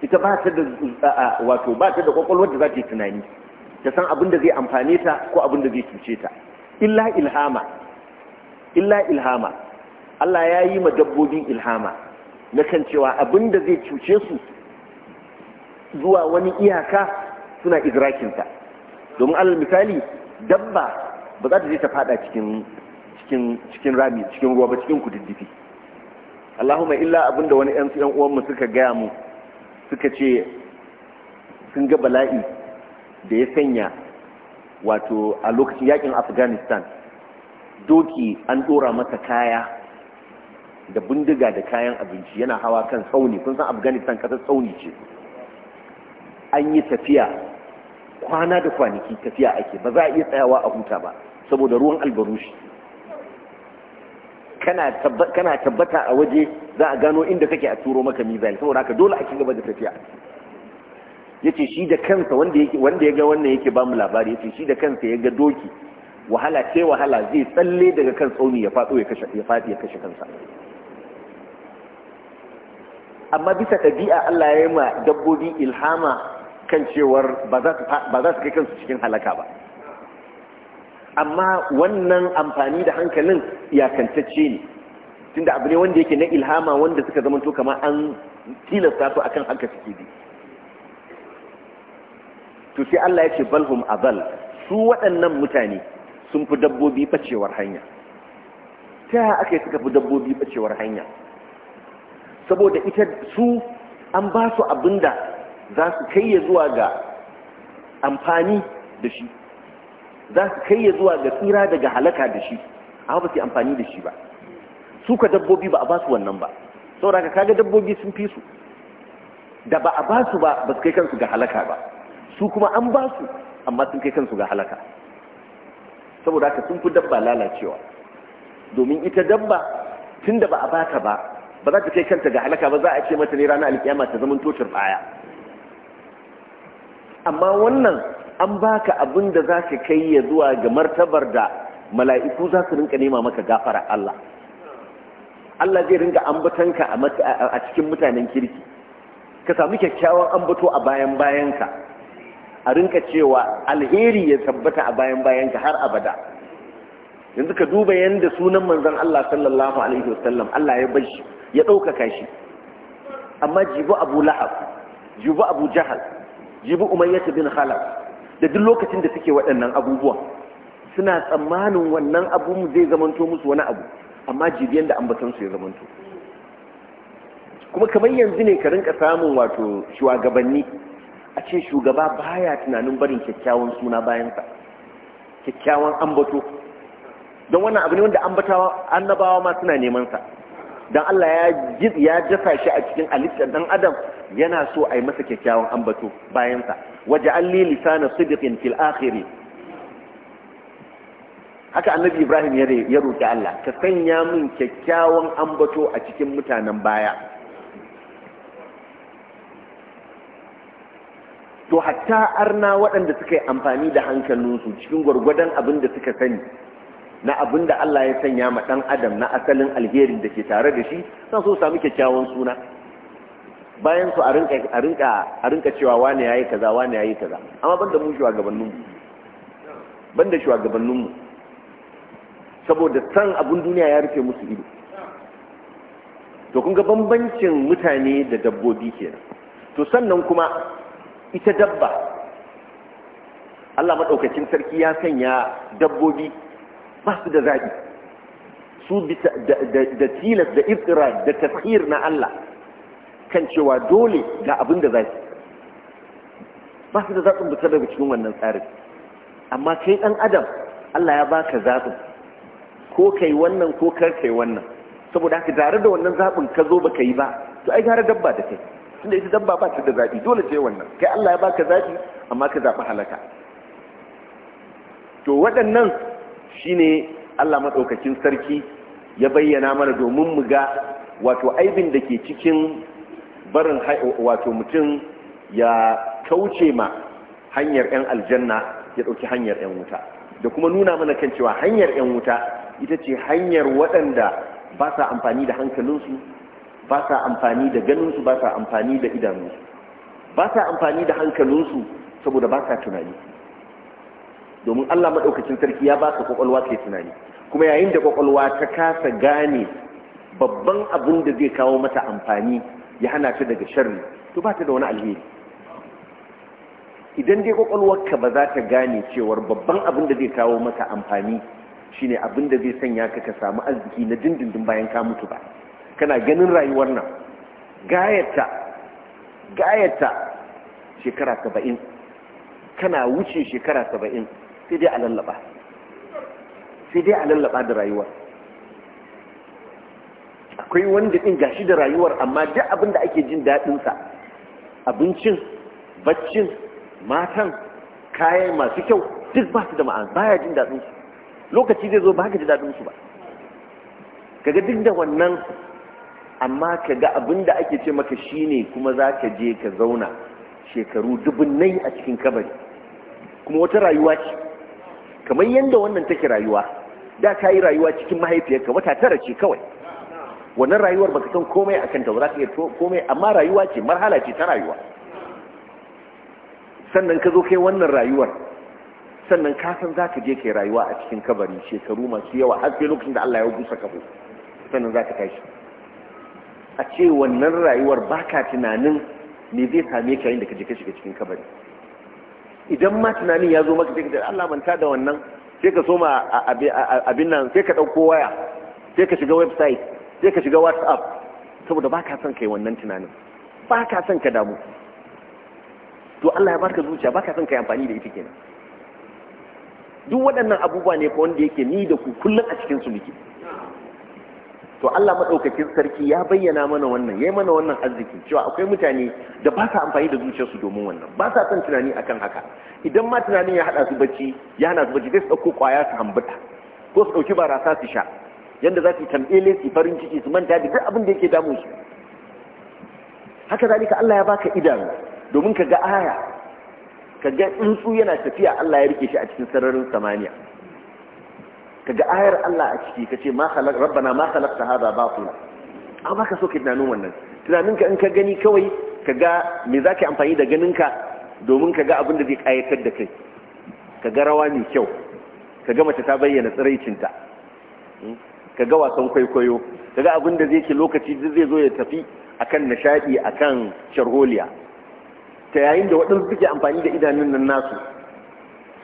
Speaker 1: ita ba ta da wato ba ta da kwakwalwar da za ta yi tunani ta san abin da zai amfane ta ko abin da zai cuce ta illa ilhama illa ilhama Allah ya yi ma dabbobin ilhama na kan cewa abin da zai cuce su zuwa wani iyaka suna idrakinsa domin alal misali dabba ba za ta je ta fada cikin cikin rami cikin ruwa ba cikin kududdufi Allahumma illa da wani 'yansu yan uwan suka gaya mu suka ce sun ga bala'i da ya sanya wato a lokacin yakin Afghanistan doki an dora masa kaya da bindiga da kayan abinci yana hawa kan tsauni kun san afghanistan kasar tsauni ce an yi tafiya kwana da kwanaki tafiya ake ba za a iya tsayawa a huta ba saboda ruwan albarushi kana tabbata a waje za a gano inda kake a turo maka mizali saboda haka dole a ci gaba da tafiya Ya ce shi da kansa wanda ya ga wannan yake ba mu labari ce shi da kansa ya ga doki wahala ce wahala zai tsalle daga kan tsauni ya faɗo ya kashe kansa amma bisa ɗabi'a Allah ya yi ma dabbobi ilhama kan cewar ba za su kai kansu cikin halaka ba amma wannan amfani da hankalin yakantacce ne tunda abu ne wanda yake na ilhama wanda suka zama to kama an tilasta su akan haka suke bi to sai Allah ya ce balhum azal su waɗannan mutane sun fi dabbobi bacewar hanya ta aka yi suka fi dabbobi bacewar hanya saboda ita su an ba su abin da za su kai ya zuwa ga amfani da shi za su kai ya zuwa ga tsira daga halaka da shi a ba su amfani da shi ba su ka dabbobi ba a ba su wannan ba saboda ka kaga dabbobi sun fi su da ba a ba su ba ba su kai kansu ga halaka ba su kuma an ba su amma sun kai kansu ga halaka saboda haka sun fi dabba lalacewa domin ita dabba tun da ba a ba ta ba ba za ta kai kanta ga halaka ba za a ce mata ne rana alkiyama ta zama tocin baya amma wannan an baka abin da za ka kai ya zuwa ga martabar da mala'iku za su rinka nema maka gafara Allah Allah zai rinka ambatanka a cikin mutanen kirki ka samu kyakkyawan ambato a bayan bayanka a rinka cewa alheri ya tabbata a bayan bayanka har abada yanzu ka duba yadda sunan manzon Allah sallallahu alaihi wasallam Allah ya bashi. ya ɗaukaka shi amma jibu abu lahab jibu abu jahal jibu umayyatu bin khalaf da duk lokacin da suke waɗannan abubuwan suna tsammanin wannan abu zai zamanto musu wani abu amma jibiyan da ambaton su ya zamanto kuma kamar yanzu ne ka rinka samun wato shugabanni a ce shugaba baya tunanin barin kyakkyawan suna bayansa kyakkyawan ambato don wannan abu ne wanda ambatawa annabawa ma suna neman sa dan Allah ya ya dafa shi a cikin halittar dan adam yana so a yi masa kyakkyawan ambato bayan sa waja'al li lisana sidqin fil akhir haka annabi Ibrahim ya ya roki Allah ka sanya min kyakkyawan ambato a cikin mutanen baya to hatta arna waɗanda suka yi amfani da hankalinsu cikin gwargwadon abin da suka sani na abin da Allah ya sanya ma ɗan adam na asalin alherin da ke tare da shi san so sami kyakkyawan suna bayan su a rinka cewa wane ya yi kaza wane ya yi kaza amma ban da shugabanninmu ban da shugabanninmu saboda san abin duniya ya rufe musu ido to kun ga bambancin mutane da dabbobi kenan to sannan kuma ita dabba Allah maɗaukacin sarki ya sanya dabbobi ba su da zaɓi su da tilas da iftira da tafhir na Allah kan cewa dole ga abin da zaɓi ba su da zaɓin bisa daga cikin wannan tsarin amma kai ɗan adam Allah ya baka zaɓin ko kai wannan ko kar kai wannan saboda haka tare da wannan zaɓin ka zo ba ka yi ba to ai gara dabba da kai tunda ita dabba ba ta da zaɓi dole ce wannan kai Allah ya baka zaɓi amma ka zaɓi halaka to waɗannan shine Allah matsaukakin sarki ya bayyana mana domin mu ga wato aibin da ke cikin barin wato mutum ya kauce ma hanyar 'yan aljanna ya ɗauki hanyar 'yan wuta da kuma nuna mana kan cewa hanyar 'yan wuta ita ce hanyar waɗanda ba sa amfani da hankalinsu ba sa amfani da ganinsu ba sa amfani da idanunsu ba sa amfani da hankalinsu saboda ba sa tunani domin Allah maɗaukacin sarki ya ba baka kwakwalwa ke tunani kuma yayin da ƙwaƙwalwa ta kasa gane babban abin da zai kawo mata amfani ya hana ta daga sharri to ba ta da wani alheri idan dai ka ba za ta gane cewar babban abin da zai kawo mata amfani shine abin da zai sanya ka ka samu arziki na dindindin bayan ka mutu ba kana ganin rayuwar nan gayata gayata shekara saba'in kana wuce shekara saba'in sai dai a lallaba sai dai a lallaba da rayuwar akwai wanda ɗin gashi da rayuwar amma duk abin da ake jin daɗinsa abincin baccin matan kayan masu kyau duk ba su da ma'an baya jin daɗinsu lokaci zai zo ba ka ji daɗinsu ba kaga duk da wannan amma ka ga abin da ake ce maka shi ne kuma za ka je ka zauna shekaru dubunai a cikin kabari kuma wata rayuwa ce kamar yadda wannan take rayuwa da ka yi rayuwa cikin mahaifiyarka wata tara ce kawai wannan rayuwar baka san komai a kanta ba za ka iya komai amma rayuwa ce marhala ce ta rayuwa sannan ka zo kai wannan rayuwar sannan ka san za ka je kai rayuwa a cikin kabari shekaru masu yawa har sai lokacin da Allah ya busa kafo sannan za ka shi a ce wannan rayuwar baka tunanin me zai same ka inda da ka je ka shiga cikin kabari idan ma tunanin ya zo maka sai ka ce Allah manta da wannan sai ka soma abin nan sai ka ɗauko waya sai ka shiga website sai ka shiga whatsapp saboda ba ka son ka yi wannan tunanin ba ka son ka damu to Allah ya baka zuciya ba ka son ka yi amfani da ita kenan duk waɗannan abubuwa ne ko wanda yake ni da ku kullum a cikin su muke to Allah madaukakin sarki ya bayyana mana wannan yayi mana wannan arziki cewa akwai mutane da ba sa amfani da zuciyarsu domin wannan ba sa son tunani akan haka idan ma tunanin ya hada su bacci ya hana su bacci sai su dauko kwaya su hambata ko su dauki barasa su sha yanda za su tambele su farin ciki su manta da duk abin da yake damun su haka zalika Allah ya baka idanu domin ka ga aya ka ga tsuntsu yana tafiya Allah ya rike shi a cikin sararin samaniya Ka ga ayar Allah a ciki kace ma khalaq rabbana ma khalaqta hada batila ba ka so ki tunanin wannan tunaninka in ka gani kawai kaga me zaka amfani da ganinka domin kaga abin da zai kayatar da kai kaga rawa mai kyau kaga mace ta bayyana tsiraicinta hmm? kaga wasan kwaikwayo kaga abin da zai ke lokaci zai zo ya tafi akan nishadi akan sharholiya ta yayin da waɗansu suke amfani da idanun nan nasu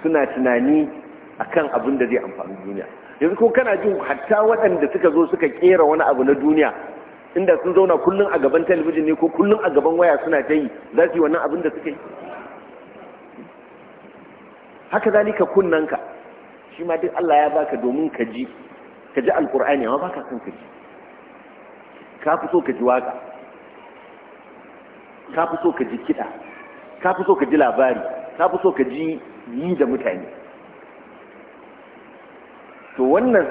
Speaker 1: suna tunani akan abin da zai amfani duniya yanzu ko kana jin hatta waɗanda suka zo suka kera wani abu na duniya inda sun zauna kullum a gaban talabijin ne ko kullum a gaban waya suna ta yi za su yi wannan abin da suka yi haka za ni kunnan kunnanka shi ma duk Allah ya baka domin ka ji ka ji alƙur'ani amma baka son ka ji ka fi so ka ji waka ka fi so ka ji kiɗa ka fi so ka ji labari ka fi so ka ji yi da mutane to wannan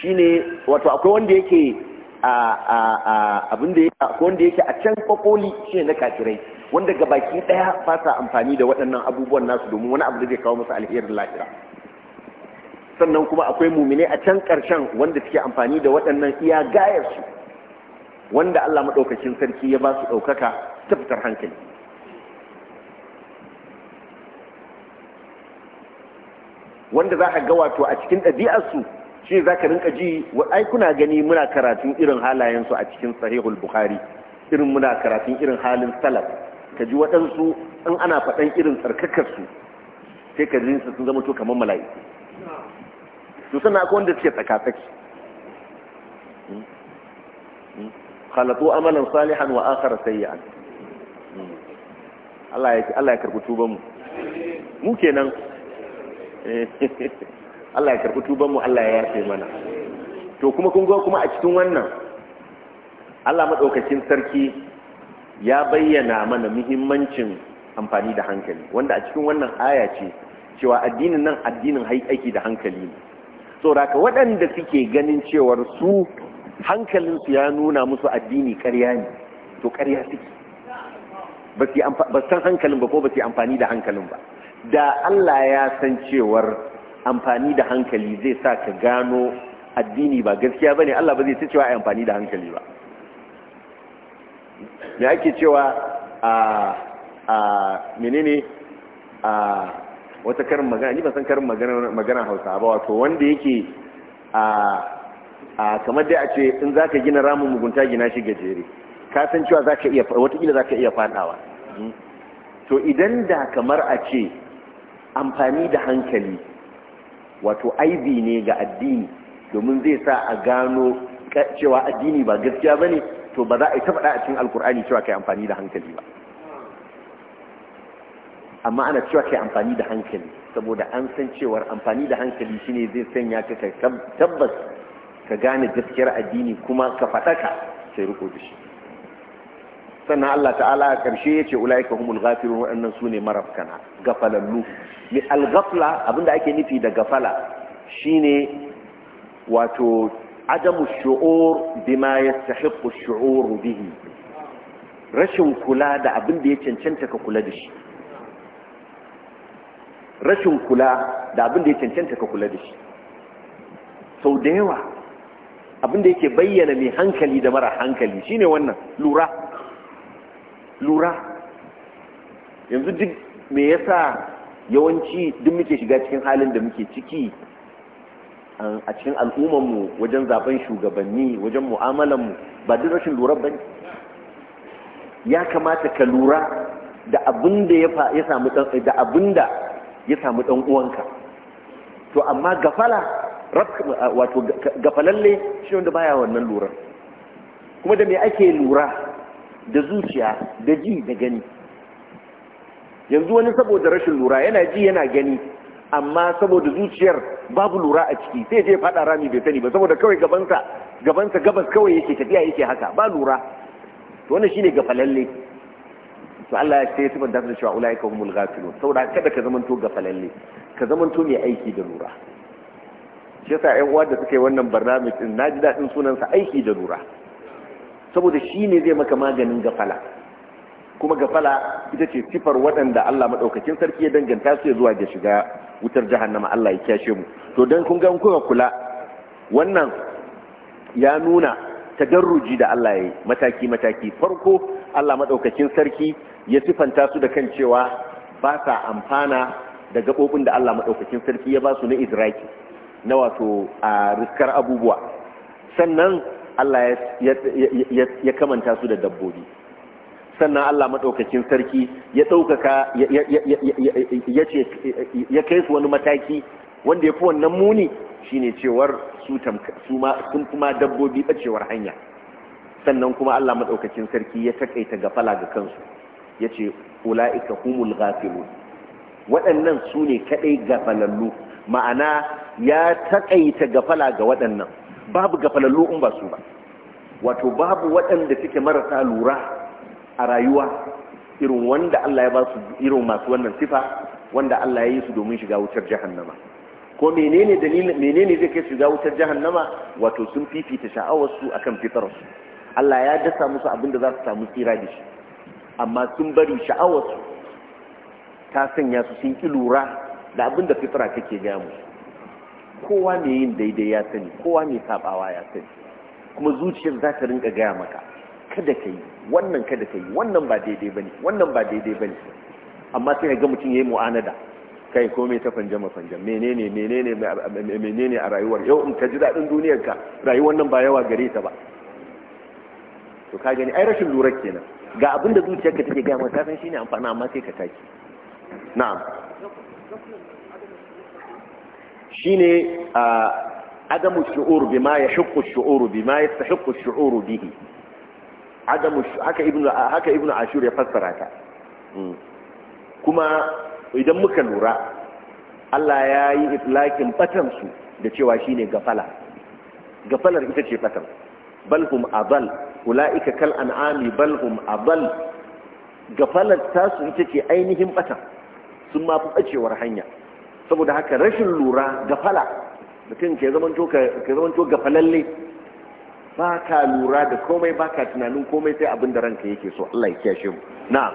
Speaker 1: shi ne wato akwai wanda yake a can shi ne yake a can shine na kafirai wanda ga baki daya fata amfani da waɗannan abubuwan nasu domin wani abu da zai kawo musu alherin lahira sannan kuma akwai mumine a can ƙarshen wanda suke amfani da waɗannan iya gayar su wanda Allah maɗaukacin sarki ya ba su ɗaukaka ta fitar hankali wanda za ka ga wato a cikin ɗabi'arsu shi za ka rinka ji ai kuna gani muna karatun irin halayensu a cikin sahihul bukhari irin muna karatun irin halin salaf ka ji waɗansu in ana faɗan irin tsarkakarsu sai ka ji sun zama to kamar mala'iku to sannan akwai wanda suke tsakatsaki hmm? Hmm? khalatu amalan salihan wa akhara sayyi'an hmm? Allah ya Allah ya karbi tuban mu mu kenan Eh, *laughs* Allah ya karɓi mu Allah ya yafe mana to kuma kun ga kuma a cikin wannan Allah madaukakin sarki ya bayyana mana muhimmancin amfani da hankali wanda a cikin wannan aya ce cewa addinin nan addinin aiki da hankali ne saboda waɗanda suke ganin cewar su hankalinsu ya nuna musu addini ƙarya ne to ƙarya suke ba su san hankalin ba ko ba su amfani da hankalin ba da Allah ya san cewar amfani da hankali zai sa ka gano addini ba gaskiya ba ne Allah ba zai ta cewa a amfani da hankali ba me ake cewa a a menene a wata karin magana ni ba san karin magana hausa ba wato wanda yake a a kamar dai a ce in za ka gina ramin mugunta gina shi gajere ka san cewa za ka iya watakila za ka iya fadawa hmm? to idan da kamar a ce amfani da hankali wato aibi ne ga addini domin zai sa a gano cewa addini ba gaskiya ba to ba za a yi ta cikin alkur'ani cewa kai amfani da hankali ba amma ana cewa kai amfani da hankali saboda an san cewar amfani da hankali shine zai sanya ka tabbas ka gane gaskiyar addini kuma ka faɗaka sai riko da shi sannan Allah ta'ala a ƙarshe ya ce ula'ika humul ghafirun waɗannan su ne marafkana gafalallu mai algafla abinda ake nufi da gafala shine wato adamu shu'ur bima yastahiqqu shu'ur bihi rashin kula da abin da ya cancanta ka kula da shi rashin kula da abin da ya cancanta ka kula da shi sau da yawa abin abinda yake bayyana mai hankali da mara hankali shine wannan lura lura yanzu duk me yasa yawanci duk muke shiga cikin halin da muke ciki a cikin al'ummarmu wajen zaben shugabanni wajen mu'amalanmu ba duk rashin lura ba ya kamata ka lura da abin da ya samu da abin to amma gafala wato gafalalle shi wanda baya wannan lura kuma da me ake lura da zuciya da ji da gani yanzu wani saboda rashin lura yana ji yana gani amma saboda zuciyar babu lura a ciki sai je fada rami bai sani ba saboda kawai gabansa gabansa gabas kawai yake tafiya yake haka ba lura to wannan shine gafalalle to Allah ya ce tuban da cewa ulaika humul ghafilun saboda kada ka ga gafalalle ka to mai aiki da lura shi yasa ƴan uwa da suka yi wannan barnamij naji dadin sunansa aiki da lura saboda shi ne zai maka maganin gafala kuma gafala ita ce sifar waɗanda Allah maɗaukacin sarki ya danganta su ya zuwa ga shiga wutar jahannama Allah ya kyashe mu to don kun gan kuka kula wannan ya nuna ta tadarruji da Allah ya yi mataki mataki farko Allah maɗaukacin sarki ya sifanta su da kan cewa ba sa amfana da gaɓoɓin da Allah maɗaukacin sarki ya ba su na idraki na wato a riskar abubuwa sannan Allah ya kamanta su da dabbobi sannan Allah maɗaukakin sarki ya ɗaukaka ya kai su wani mataki wanda ya fi wannan muni shine cewar sun kuma dabbobi ɓacewar hanya sannan kuma Allah maɗaukakin sarki ya taƙaita gafala ga kansu ya ce ula'ika humul ghafilu waɗannan su ne kaɗai gafalallu ma'ana ya taƙaita gafala ga waɗannan babu gafalallu in ba su ba wato babu waɗanda suke marasa lura a rayuwa irin wanda Allah ya ba su irin masu wannan sifa wanda Allah ya yi su domin shiga wutar jahannama ko menene dalilin menene zai kai shiga wutar jahannama wato sun fifita sha'awarsu akan su Allah ya dasa musu abin da za su samu tsira da shi amma sun bari sha'awarsu ta sanya su sun ki lura da abin da fitra take gaya musu kowa mai yin daidai ya sani kowa mai sabawa ya sani kuma zuciyar za ta rinka gaya maka kada ka yi wannan kada ka yi wannan ba daidai ba ne wannan ba daidai ba ne amma sai ga mutum ya yi mu'anada kai komai ta fanje-mafanje, menene menene menene a rayuwar yau in ka ji daɗin duniyarka rayuwar nan ba yawa gare ta ba to ka gani ai rashin lura kenan ga abin da zuciyarka take gaya maka san shine amfana amma sai ka taki na'am shine adamu bi bima ya shu'ur bima bi, ma bihi adamu haka ibnu haka ibnu ashur ya fassara ta hmm. kuma idan muka lura Allah ya yi itlakin batansu da cewa shine gafala gafalar ita ce fatan balhum adal ulaika kal an'ami balhum adal gafalar tasu ita ce ainihin batan sun mafi bacewar hanya saboda haka rashin lura gafala mutum ke zamanto gafalalle ba ka lura da komai ba ka tunanin komai sai abin da ranka yake so Allah ya kyashe mu na'am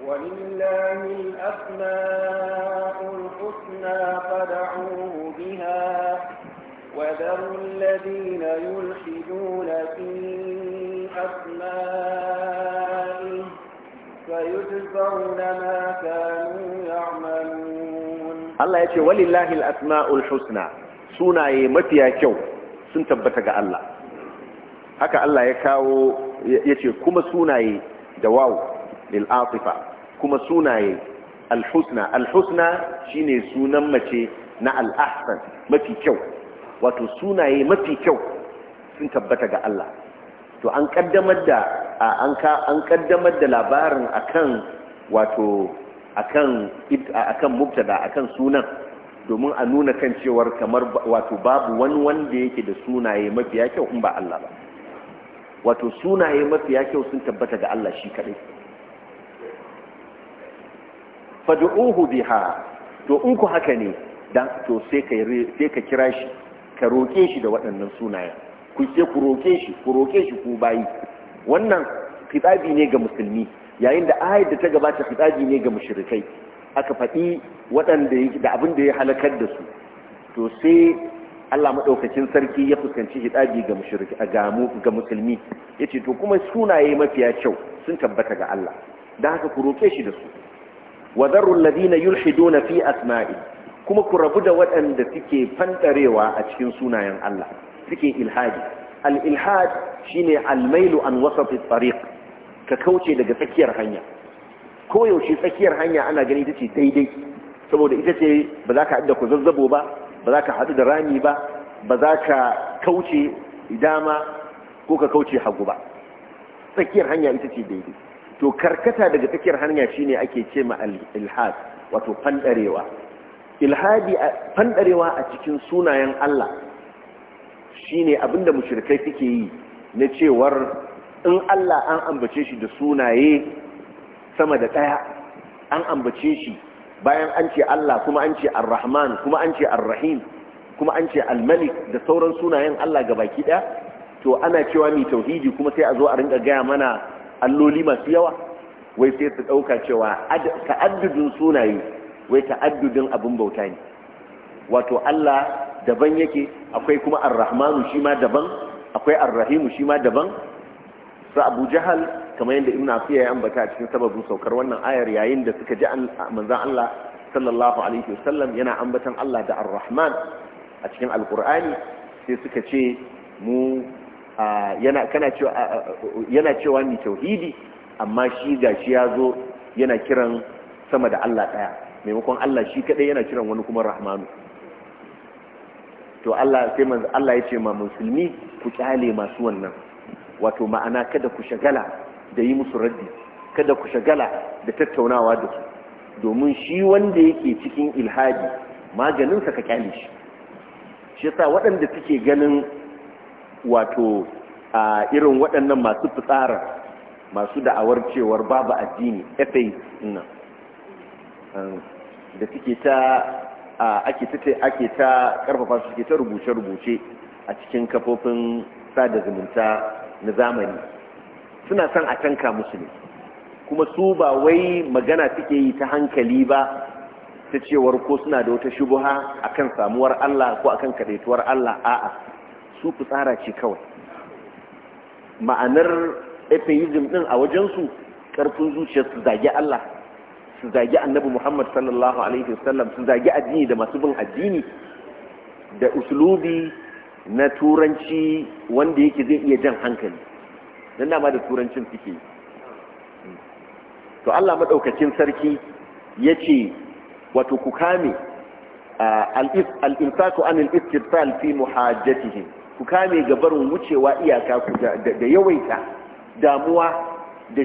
Speaker 2: ولله husna fad'u biha wa وذروا alladhina yulhiduna fi asma'i fayudzawna ma كانوا
Speaker 1: Allah ya ce walillahi al-asma'ul husna sunaye mafiya kyau sun tabbata ga Allah haka Allah ya kawo ya ce kuma sunaye da wawu lil kuma sunaye al-husna al-husna shine sunan mace na al mafi kyau wato sunaye mafi kyau sun tabbata ga Allah to an kaddamar da an kaddamar da labarin akan wato akan akan mubtada akan sunan domin a nuna kan cewar kamar wato babu wani wanda yake da sunaye mafiya kyau in ba Allah ba wato sunaye mafiya kyau sun tabbata ga Allah shi kadai fad'uhu biha to in ku haka ne dan to sai ka sai ka kira shi ka roke shi da waɗannan sunayen ku sai ku roke shi ku roke shi ku bayi wannan kitabi ne ga musulmi yayin da ayar da ta gabata fitaji ne ga mushrikai aka faɗi waɗanda da abin da ya halakar da su to sai Allah maɗaukacin sarki ya fuskanci hidabi ga mushriki ga mu ga musulmi yace to kuma sunaye mafiya kyau sun tabbata ga Allah dan haka ku roke shi da su wa darru alladhina yulhiduna fi asma'i kuma ku rabu da waɗanda suke fantarewa a cikin sunayen Allah suke ilhadi al ilhad shine al mailu an wasati tariq ka kauce daga tsakiyar hanya koyaushe tsakiyar hanya ana gani ita ce daidai saboda ita ce ba za ka haɗu da ku zazzabo ba ba za ka haɗu da rami ba ba za ka kauce dama ko ka kauce hagu ba tsakiyar hanya ita ce daidai to karkata daga tsakiyar hanya shine ake ce ma ilhad wato fanɗarewa. ilhadi fandarewa a cikin sunayen Allah shine abinda mushrikai suke yi na cewar in Allah an ambace shi da sunaye sama da ɗaya an ambace shi bayan an ce Allah kuma an ce ar-rahman kuma an ce ar-rahim kuma an ce al-malik da sauran sunayen Allah gabaki ɗaya to ana cewa mai tauhidi kuma sai a zo a rinka gaya mana alloli masu yawa wai sai su ɗauka cewa ta'addudin sunaye wai ta'addudin abin bauta ne wato Allah daban yake akwai kuma ar-rahmanu shi ma daban akwai ar-rahimu shi ma daban Za abu jahal kamar yadda ibn afiya ya ambata cikin sababin saukar wannan ayar yayin da suka ji manzan Allah sallallahu alaihi wasallam yana ambatan Allah da ar-rahman a cikin alkur'ani sai suka ce mu yana kana cewa yana cewa ni tauhidi amma shi gashi ya zo yana kiran sama da Allah daya maimakon Allah shi kadai yana kiran wani kuma rahmanu to Allah sai manzo Allah ya ce ma musulmi ku kyale masu wannan wato ma'ana kada ku shagala da yi musu raddi kada ku shagala da tattaunawa da su domin shi wanda yake cikin ilhadi maganinsa ka kyale shi shi yasa waɗanda suke ganin wato a irin waɗannan masu fitsara masu da'awar cewar babu addini atheist nan da suke ta ake ta ake ta karfafa suke ta rubuce-rubuce a cikin kafofin sada zumunta na zamani suna son a tanka musu ne kuma su ba wai magana suke yi ta hankali ba ta cewar ko suna da wata shubuha akan samuwar Allah ko akan kadaituwar Allah a'a su tsara ce kawai ma'anar atheism din a wajensu karfin zuciya su zagi Allah su zagi annabi Muhammad sallallahu alaihi wasallam su zagi addini da masu bin addini da uslubi na turanci wanda yake zai iya jan hankali don dama da turancin suke to Allah maɗaukacin sarki ya ce wato ku kame al'insaku an al'istirfal fi muhajjatihim ku kame gabarin wucewa iyaka da yawaita damuwa da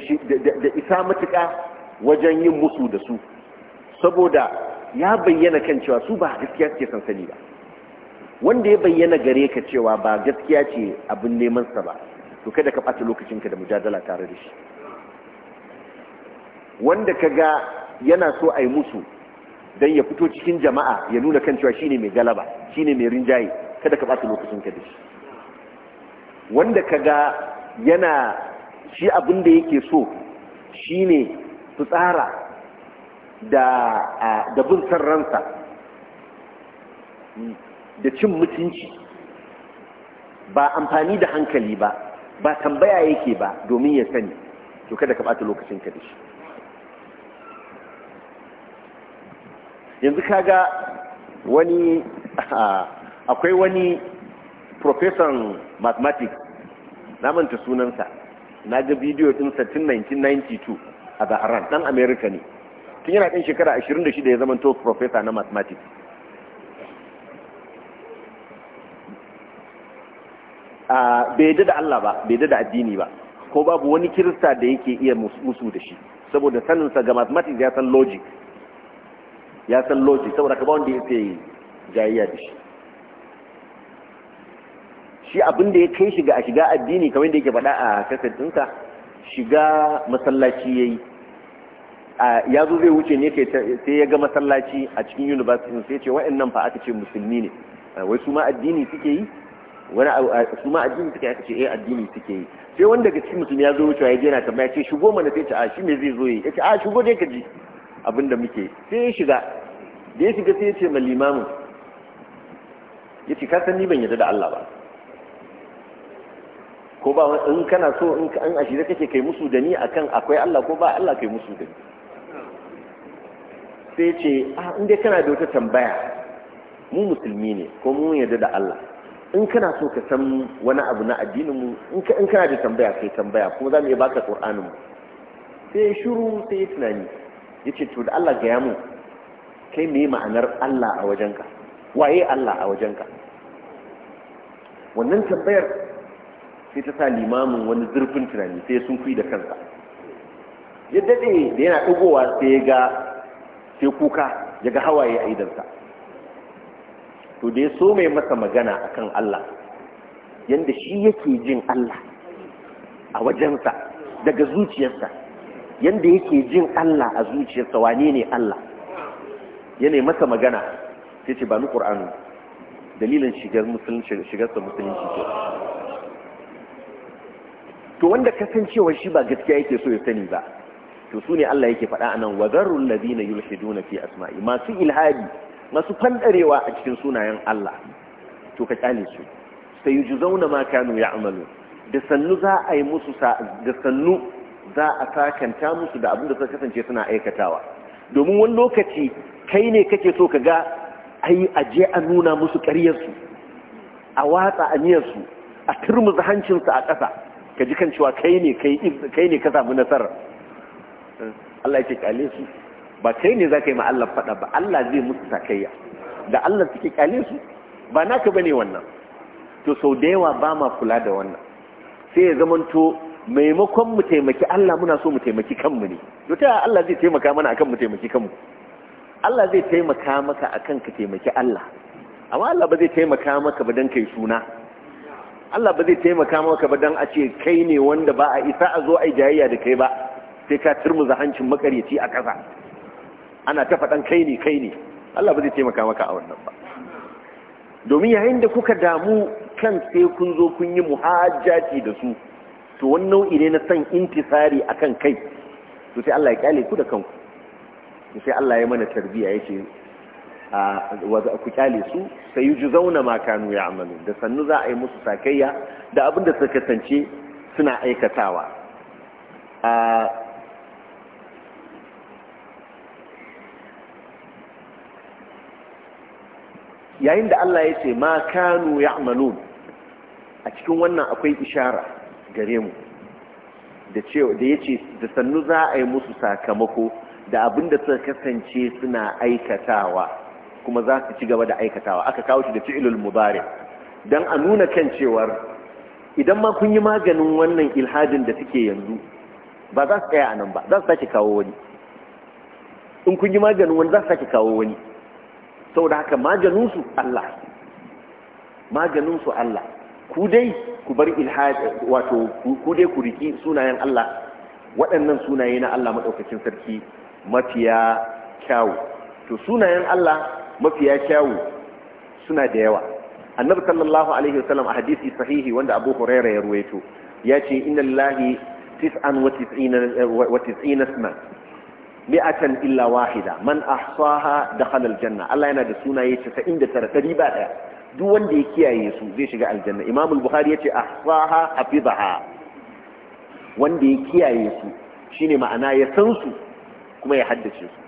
Speaker 1: isa matuƙa wajen yin musu da su saboda ya bayyana kan cewa su ba gaskiya suke sansani ba wanda ya bayyana gare ka cewa ba gaskiya ce abin neman sa ba to kada ka ɓata lokacinka da mujadala tare da shi wanda ka ga yana so a yi musu don ya fito cikin jama'a ya nuna kan cewa shine mai galaba shine mai rinjaye kada ka ɓata lokacinka da shi wanda ka ga yana shi abin da yake so shine tsara da bin san ransa da cin mutunci ba amfani da hankali ba ba tambaya yake ba domin ya sani to kada ka bata lokacin ka da yanzu kaga wani akwai wani professor mathematics na manta sunansa na ga bidiyo sa tun 1992 a Bahrain Dan america ne tun yana ɗan shekara 26 da ya zama to professor na mathematics bai yadda da Allah ba bai yadda da addini ba ko babu wani kirista da yake iya musu da shi saboda saninsa ga mathematics ya san logic ya san logic saboda ka ba wanda ya jayayya da shi shi abin da ya kai shiga a shiga addini kamar da yake faɗa a kasar ɗinsa shiga masallaci ya yi ya zo zai wuce ne sai ya ga masallaci a cikin university sai ce wa'annan fa aka ce musulmi ne wai su ma addini suke yi wani abu su ma addini suke aka ce eh addini suke yi sai wanda daga cikin mutum ya zo wucewa ya je kamar ya ce shigo mana sai ta a ah, shi me zai zo yi yace a ah, shigo dai ka ji abin da muke sai ya shiga da ya shiga sai ya ce ma limamin ya ce ka san ni ban yarda da Allah ba ko ba in kana so in an ashira kake kai musu da ni akan akwai Allah ko ba Allah kai musu da ni sai ce a ah, inda kana da wata tambaya mu musulmi ne ko mu yadda da Allah in kana so ka san wani abu na addininmu in kana da tambaya kai tambaya kuma za mu iya baka ƙur'aninmu sai ya shuru sai ya tunani ya ce to da Allah gaya mu kai me ma'anar Allah a wajenka waye Allah a wajenka wannan tambayar sai ta sa limamin wani zurfin tunani sai ya da kansa ya daɗe da yana dugowa sai ya ga sai kuka ya ga hawaye a idansa to dai so mai masa magana akan Allah yanda shi yake jin Allah a wajensa daga zuciyarsa yanda yake jin Allah a zuciyarsa wane ne Allah yana masa magana sai ce ba ni dalilin shigar musulunci shigarsa musulunci ce to wanda kasancewar shi ba gaskiya yake so ya sani ba to su ne Allah yake faɗa anan wa zarrun ladina yulhiduna fi asma'i masu ilhadi masu fandarewa a cikin sunayen Allah to ka kyale su sai yujzauna ma kanu ya'malu da sannu za a yi musu da sannu za a sakanta musu da abin da suka kasance suna aikatawa domin wani lokaci kai ne kake so ka ga ai aje a nuna musu su, a watsa su, a hancin hancinsu a ƙasa ka ji kan cewa kai ne kai ne ka samu nasarar Allah ya ce su ba kai ne za ka yi ma Allah faɗa ba Allah zai musu sakayya da Allah suke kyale su ba naka bane wannan to sau da yawa ba ma kula da wannan sai ya zamanto maimakon mu taimaki Allah muna so mu taimaki kanmu ne to ta Allah zai taimaka mana akan mu taimaki kanmu Allah zai taimaka maka akan ka taimaki Allah amma Allah ba zai taimaka maka ba dan kai suna Allah ba zai taimaka maka ba dan a ce kai ne wanda ba a isa a zo ai jayayya da kai ba sai ka turmuza hancin makaryaci a ƙasa ana ta faɗan kai ne kai ne Allah ba zai taimaka maka a wannan ba domin yayin da kuka damu kan sai kun zo kun yi muhajjati da su to wani nau'i ne na san intisari akan kai to sai Allah ya kyale ku da kanku sai Allah ya mana tarbiya yake ku kyale su sai yuju zauna makanu ya amalu da sannu za a yi musu sakayya da abin da suka kasance suna aikatawa yayin da Allah ya ce ma kanu ya'malun a cikin wannan akwai ishara gare mu da cewa da yace da sannu za a yi musu sakamako da abin da suka kasance suna aikatawa kuma za su ci gaba da aikatawa aka kawo shi da fi'ilul mubare Don a nuna kan cewar idan ma kun yi maganin wannan ilhadin da suke yanzu ba za su tsaya a nan ba za su sake kawo wani in kun yi maganin wani za su sake kawo wani saboda haka maganinsu Allah maganinsu Allah ku dai ku bar ilhadi wato ku dai ku riki sunayen Allah waɗannan sunaye na Allah maɗaukacin sarki mafiya kyawu to sunayen Allah mafiya kyawu suna da yawa annabi sallallahu alaihi wasallam a hadisi sahihi wanda abu huraira ya ruwaito ya ce inna lillahi tis'an wa tis'ina isma mi'atan illa wahida man ahsaha dakhala aljanna Allah yana da sunaye 99 dari ba daya duk wanda ya kiyaye su zai shiga aljanna Imam al-Bukhari yace ahsaha hafizaha wanda ya kiyaye su shine ma'ana ya san su kuma ya haddace su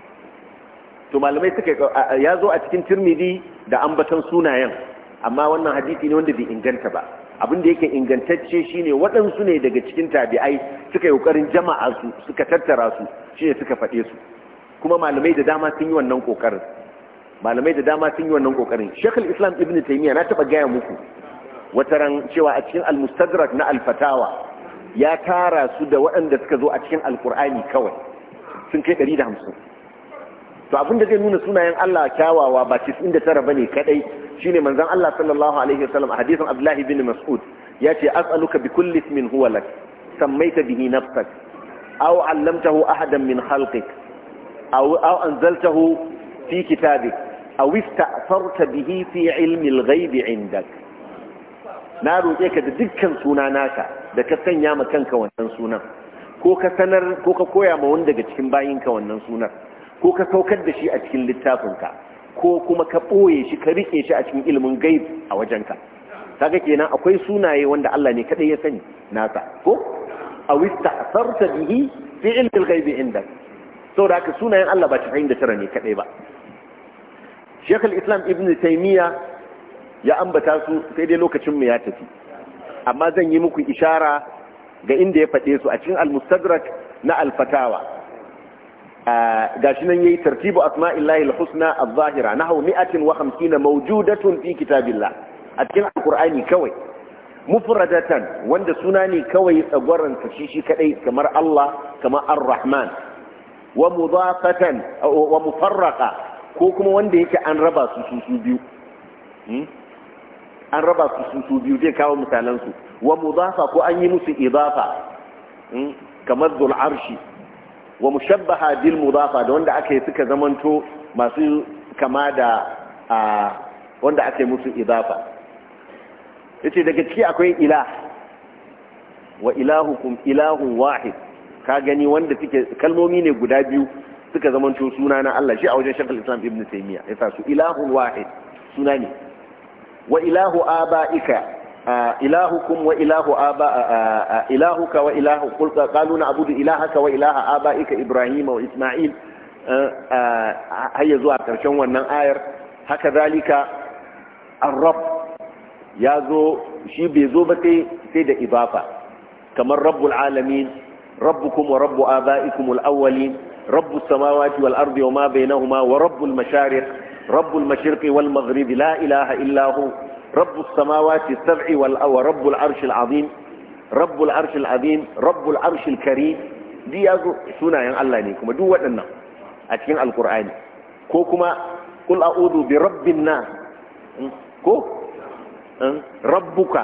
Speaker 1: to malamai suka yazo zo a cikin Tirmidhi da ambatan sunayen amma wannan hadisi ne wanda bai inganta ba abin da yake ingantacce shine waɗansu ne daga cikin tabi'ai suka yi ƙoƙarin jama'a su suka tattara su shine suka faɗe su kuma malamai da dama sun yi wannan ƙoƙarin malamai da dama sun yi wannan ƙoƙarin shekul islam ibn taimiyya na taɓa gaya muku wata ran cewa a cikin almustadrak na alfatawa ya tara su da waɗanda suka zo a cikin al kawai sun kai ɗari da hamsin. to abin da zai nuna sunayen Allah kyawawa ba 99 bane kadai shine manzon Allah sallallahu alaihi wasallam a hadisin Abdullah ibn Mas'ud yace as'aluka bi kulli ismin huwa lak sammaita bihi nafsak aw 'allamtahu ahadan min khalqik aw aw anzaltahu fi kitabik aw ista'tharta bihi fi 'ilmi al-ghaib 'indak na roƙe ka da dukkan suna naka da ka sanya ma kanka wannan sunan ko ka sanar ko ka koya ma wani daga cikin bayinka wannan sunan ko ka saukar da shi a cikin littafinka ko kuma ka ɓoye shi ka riƙe shi a cikin ilimin gaib a wajen wajenka kaga kenan akwai sunaye wanda Allah ne kadai ya sani nasa ko a a sarta bihi fi ilmi gaibi inda, sau saboda haka sunayen Allah ba ta da tara ne kaɗai ba shekul islam Ibn taimiyya ya ambata su sai dai lokacin mu ya tafi amma zan yi muku ishara ga inda ya faɗe su a cikin al-Mustadrak na al-Fatawa gashi nan yayi tartibu asma'illahi al-husna adh-dhahira nahu 150 mawjudatun fi kitabillah a cikin alqur'ani kawai mufradatan wanda suna ne kawai tsagwaran shi shi kadai kamar Allah kamar Ar-Rahman wa mudafatan wa mufarraqa ko kuma wanda yake an raba su su biyu hmm? an raba su su biyu zai kawo misalan su wa mudafa ko an yi musu idafa hmm? kamar dhul arshi wa mushabbaha bil mudafa da wanda aka yi suka zamanto masu kama da wanda aka yi musu idafa yace daga ciki akwai ilah wa ilahukum ilahun wahid ka gani wanda suke kalmomi ne guda biyu suka zamanto suna na Allah shi a wajen shakal islam ibn taymiya yasa su ilahun wahid suna ne wa ilahu aba'ika ilahukum wa ilahu aba ilahuka wa ilahu qul wa ilaha abaika ibrahima isma'il har zuwa karshen wannan ayar haka zalika ar-rabb ya zo shi bai zo ba sai sai da ibafa kamar rabbul alamin rabbukum wa rabbu abaikum al-awwalin samawati wal ardi wa ma bainahuma wa rabbul mashariq rabbul mashriqi wal maghribi la ilaha illa رب السماوات السبع ورب العرش العظيم رب العرش العظيم رب العرش الكريم دي يزو سنة يعني الله نيكم دو وقتنا أتين القرآن كو كما قل أعوذ برب الناس كو ربك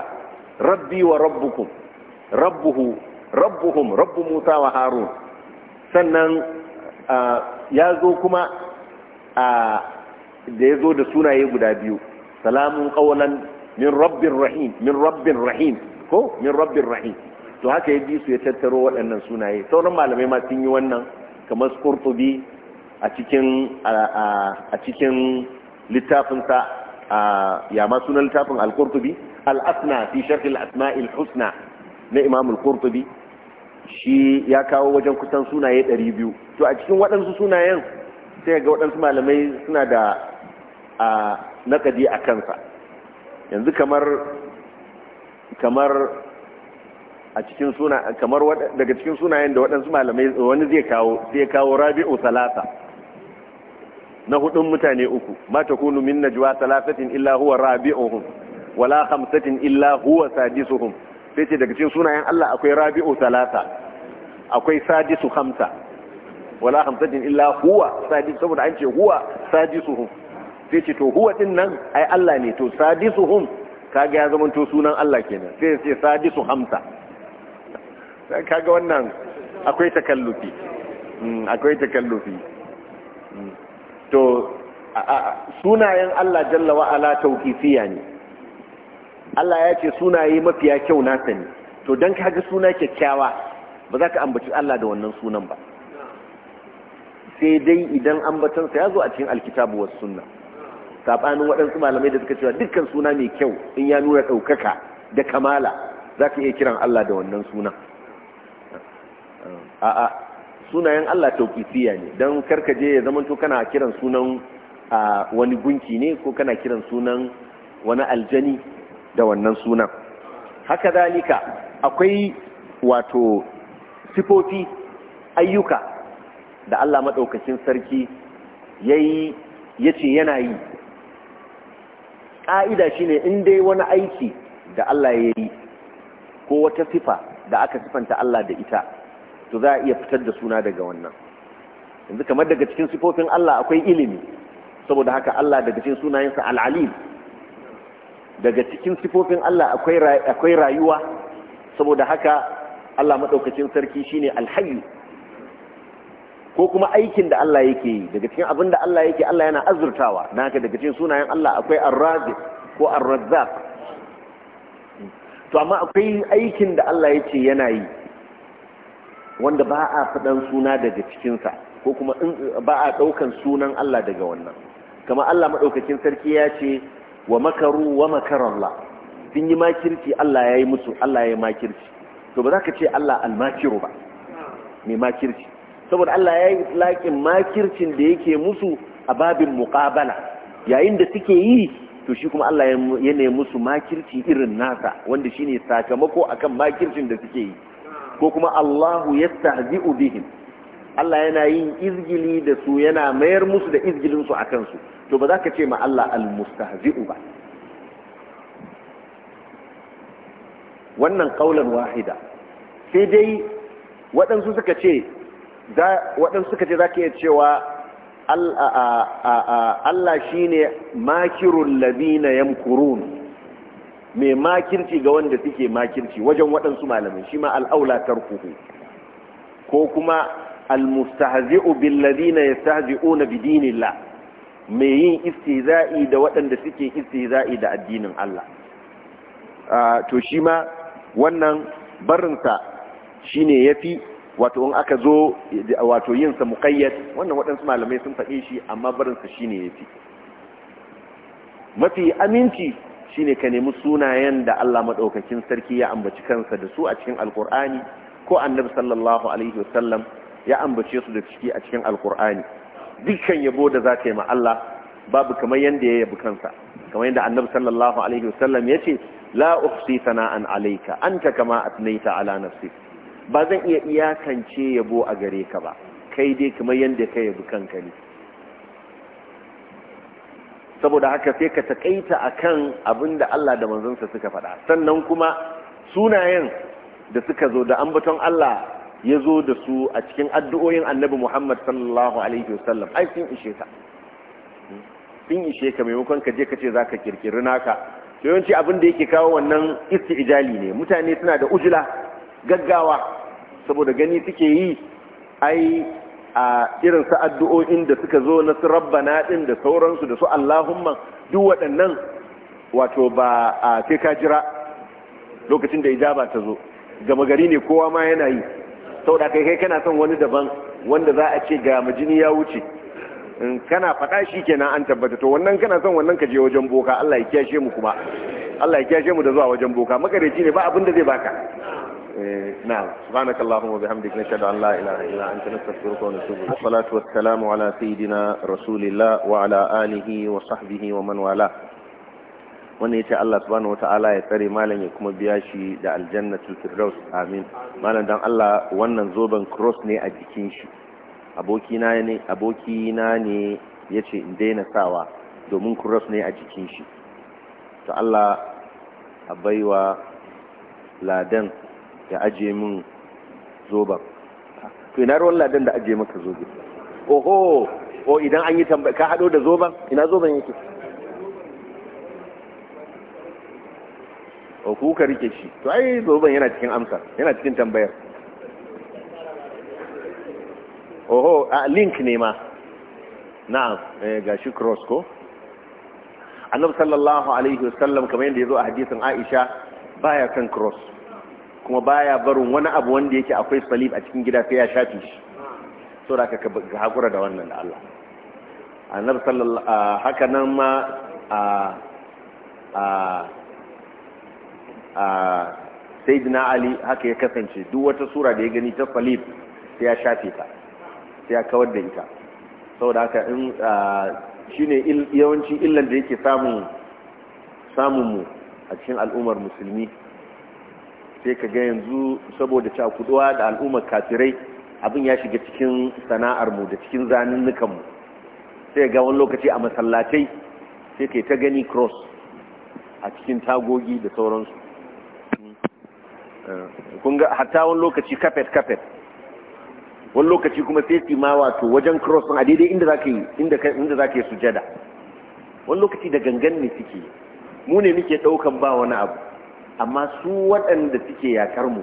Speaker 1: ربي وربكم ربه ربهم رب موسى وهارون sannan ya zo kuma da ya zo da sunaye guda biyu salamun قولا min رب rahim min رب rahim ko min رب rahim to haka ya bi su ya tattaro waɗannan sunaye sauran malamai ma sun yi wannan kamar qurtubi a cikin a cikin littafin sa ya ma sunan littafin al-qurtubi al-asna fi sharh al-asma' husna na imam al-qurtubi shi ya kawo wajen kusan sunaye 200 to a cikin waɗansu sunayen sai ga waɗansu malamai suna da naƙadi a kansa yanzu kamar kamar a cikin suna kamar daga cikin sunayen da waɗansu malamai wani zai kawo sai kawo rabi'u salasa na hudun mutane uku ma takunu min najwa salasatin illa huwa rabi'uhum wala khamsatin illa huwa sadisuhum sai ce daga cikin sunayen Allah akwai rabi'u salasa akwai sadisu khamsa wala khamsatin illa huwa sadis saboda an ce huwa sadisuhum sai ce to huwa din nan ai Allah ne to sadisuhum kage ya zama to sunan Allah kenan sai ce sadisu hamsa kage wannan akwai takallufi hmm, akwai takallufi hmm. to sunayen Allah jalla wa ala tawqifiya ne Allah ya ce sunaye mafiya kyau na ne to dan kage suna kyakkyawa ba za ka ambaci Allah da wannan sunan ba sai dai idan ambatansa ya zo a cikin alkitabu was sunna sabanin waɗansu malamai da suka cewa dukkan suna mai kyau in ya nuna ɗaukaka da kamala za ka iya kiran Allah da wannan suna a'a sunayen Allah tauƙifiya ne don karkaje ya zamanto kana kiran sunan wani gunki ne ko kana kiran sunan wani aljani da wannan sunan haka zalika akwai wato sifofi ayyuka da Allah maɗaukacin sarki ya ce yana yi ƙa'ida ne in dai wani aiki da Allah ya yi ko wata sifa da aka sifanta Allah da ita to za a iya fitar da suna daga wannan yanzu kamar daga cikin sifofin Allah akwai ilimi saboda haka Allah daga cikin sunayensa al'alim daga cikin sifofin Allah akwai rayuwa saboda haka Allah maɗaukacin sarki shine alhayi ko kuma aikin da Allah yake yi daga cikin abin da Allah yake Allah yana azurtawa na haka daga cikin sunayen Allah akwai arrazi ko arrazzaq to amma akwai aikin da Allah yake yana yi wanda ba a faɗan suna daga cikinsa ko kuma ba a ɗaukan sunan Allah daga wannan kama Allah maɗaukakin sarki ya ce wa makaru wa makarallah sun yi makirci Allah ya yi musu Allah ya yi makirci to ba za ka ce Allah almakiru ba mai makirci saboda Allah ya yi laƙin makircin da yake musu a babin muƙabala yayin da suke yi to shi kuma Allah ya ne musu makirci irin nasa wanda shi ne sakamako akan makircin da suke yi ko kuma Allahu ya tahzi'u ubihin Allah yana yin izgili da su yana mayar musu da izgilinsu a kansu to ba za ka ce ma Allah al-mustahzi'u ba wannan ƙaunar wahida sai dai waɗansu suka ce waɗansu suka ce za ka iya cewa Allah shi ne makirun labina kurun, mai makirci ga wanda suke makirci wajen waɗansu malamin shi ma al'aula tarkuhu ko kuma al-mustahzi'u bil ladina yastahzi'una bi dinillah mai yin istihza'i da waɗanda suke istihza'i da addinin Allah to shi ma wannan barinsa shi ne ya fi. wato in aka zo wato yinsa mu muqayyad wannan waɗansu malamai sun faɗi shi amma barin sa ya fi. mafi aminci shine ka nemi sunayen da Allah maɗaukakin sarki ya ambaci kansa da su a cikin alqur'ani ko annabi sallallahu alaihi wasallam ya ambace su da ciki a cikin alqur'ani dukkan yabo da ka yi ma Allah babu kamar yadda ya yabi kansa kamar yanda annabi sallallahu alaihi wasallam ce, la uhsi sana'an alayka anta kama atnaita ala nafsika ba zan iya iyakance yabo a gare ka ba kai dai kamar yadda ka yabi kanka ne saboda haka sai ka taƙaita akan abin da Allah da manzansa suka faɗa sannan kuma sunayen da suka zo da ambaton Allah ya zo da su a cikin addu'o'in annabi Muhammad sallallahu Alaihi wasallam ai sun ishe ka sun ishe ka maimakon ka je ka ce za ka kirkiri naka yawanci abin da yake kawo wannan isti ijali ne mutane suna da ujula gaggawa saboda gani suke yi ai a irin su addu'o'in da suka zo na su rabbana din da sauransu da su Allahumma duk waɗannan wato ba a sai ka jira lokacin da ijaba ta zo gama gari ne kowa ma yana yi sau kai kai kana son wani daban wanda za a ce ga majini ya wuce kana faɗa shi kenan an tabbata to wannan kana son wannan ka je wajen boka Allah ya kiyashe mu kuma Allah ya kiyashe mu da zuwa wajen boka makareci ne ba abin da zai baka نعم سبحانك اللهم وبحمدك نشهد أن لا إله إلا أنت نستغفرك ونتوب إليك والصلاة والسلام على سيدنا رسول الله وعلى آله وصحبه ومن والاه wannan yace Allah subhanahu wataala ya tsare malam ya kuma biya shi da aljanna firdaus amin malam dan Allah wannan zoben cross ne a jikin shi abokina ne abokina ne yace in daina sawa domin cross ne a jikin shi to Allah a baiwa ladan ya ajiye min zoban to ina ruwan ladan da ajiye maka zobe oho o idan an yi tambaya ka hado da zoban ina zoban yake o ku ka rike shi to ai zoban yana cikin amsa yana cikin tambayar oho a link ne ma na'am eh, gashi cross ko annabi sallallahu alaihi wasallam kamar yadda ya zo a hadisin Aisha baya kan cross kuma baya barin wani abu wanda yake akwai salib a cikin gida sai ya shafi shi so da ka hakura da wannan da Allah annabi sallallahu haka nan ma a a a sayyidina ali haka ya kasance duk wata sura da ya gani ta salib sai ya shafe ta sai ya kawar da ita saboda haka in shine yawanci illan da yake samu samun mu a cikin al'ummar musulmi sai ka ga yanzu saboda cakuduwa da al'ummar kafirai abin ya shiga cikin sana'ar mu da cikin zanunnukan mu sai ga wani lokaci a masallatai sai kai ta gani cross a cikin tagogi da sauransu eh, kun ga hatta wani lokaci carpet carpet wani lokaci kuma sai ki ma wato wajen cross a daidai inda zaka yi inda inda zaka yi sujada wani lokaci da gangan ne suke mu ne muke daukan ba wani abu amma su waɗanda suke yakar mu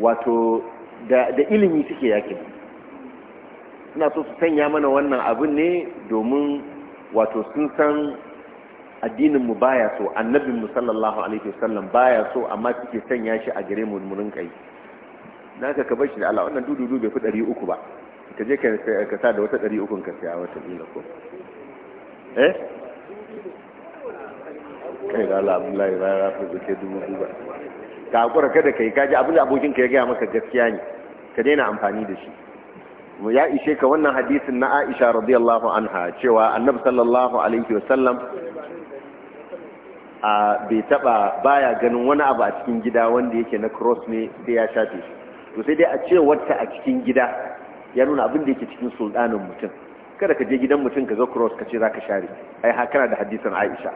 Speaker 1: wato da ilimi suke yakin suna so su sanya mana wannan abin ne domin wato sun san addinin mu baya so annabin mu sallallahu alaihi wasallam baya so amma suke sanya shi a gare mu mun kai naka ka bar shi da Allah wannan dududu bai fi 300 ba ka je ka sa da wata 300 ka saya wata kila ko eh kai da Allah Abdullahi ba ya fi zuke dubu duba ka hakura kada kai kaji abin da abokin ka ya gaya maka gaskiya ne ka daina amfani da shi ya ishe ka wannan hadisin na Aisha radiyallahu anha cewa Annabi sallallahu alaihi wasallam a bai taba baya ganin wani abu a cikin gida wanda yake na cross ne sai ya shafe shi to sai dai a ce wata a cikin gida ya nuna abin da yake cikin sultanin mutum kada ka je gidan mutum ka zo cross ka ce za ka share ai da hadisin Aisha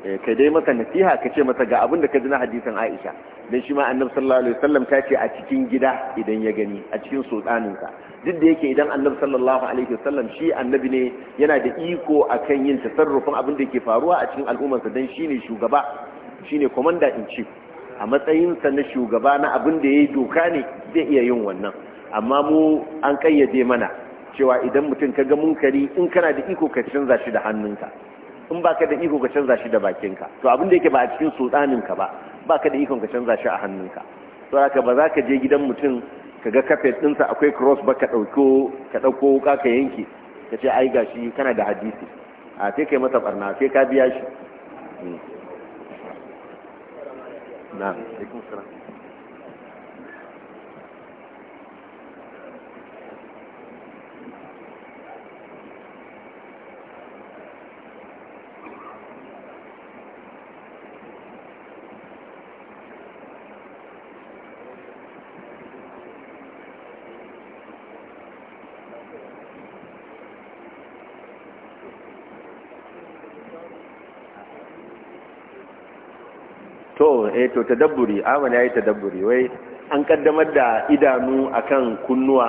Speaker 1: Eh, ka dai masa nasiha ka ce masa ga abin da ka ji na hadisin Aisha dan shi ma Annabi sallallahu alaihi wasallam ta ce a cikin gida idan ya gani a cikin sultaninka duk da yake idan Annabi sallallahu alaihi wasallam shi annabi ne yana da iko akan yin tasarrufin abin da yake faruwa a cikin sa dan shine shugaba shine commander in chief a sa na shugaba na abin da yayi doka ne zai iya yin wannan amma mu an kayyade mana cewa idan mutum ka ga munkari in kana da iko ka canza shi da hannunka in baka da iko ka canza shi da bakinka to abin da yake ba a cikin ka ba baka da iko ka canza shi a hannunka to haka ba za ka je gidan mutum ka ga kafet ɗinsa akwai cross ba ka ɗauko ka ɗauko wuka ka yanke ka ce ai gashi kana da hadisi a sai kai masa barna sai ka biya shi hmm. eh to tadabburi amana yayi tadabburi wai an kaddamar da idanu akan kunnuwa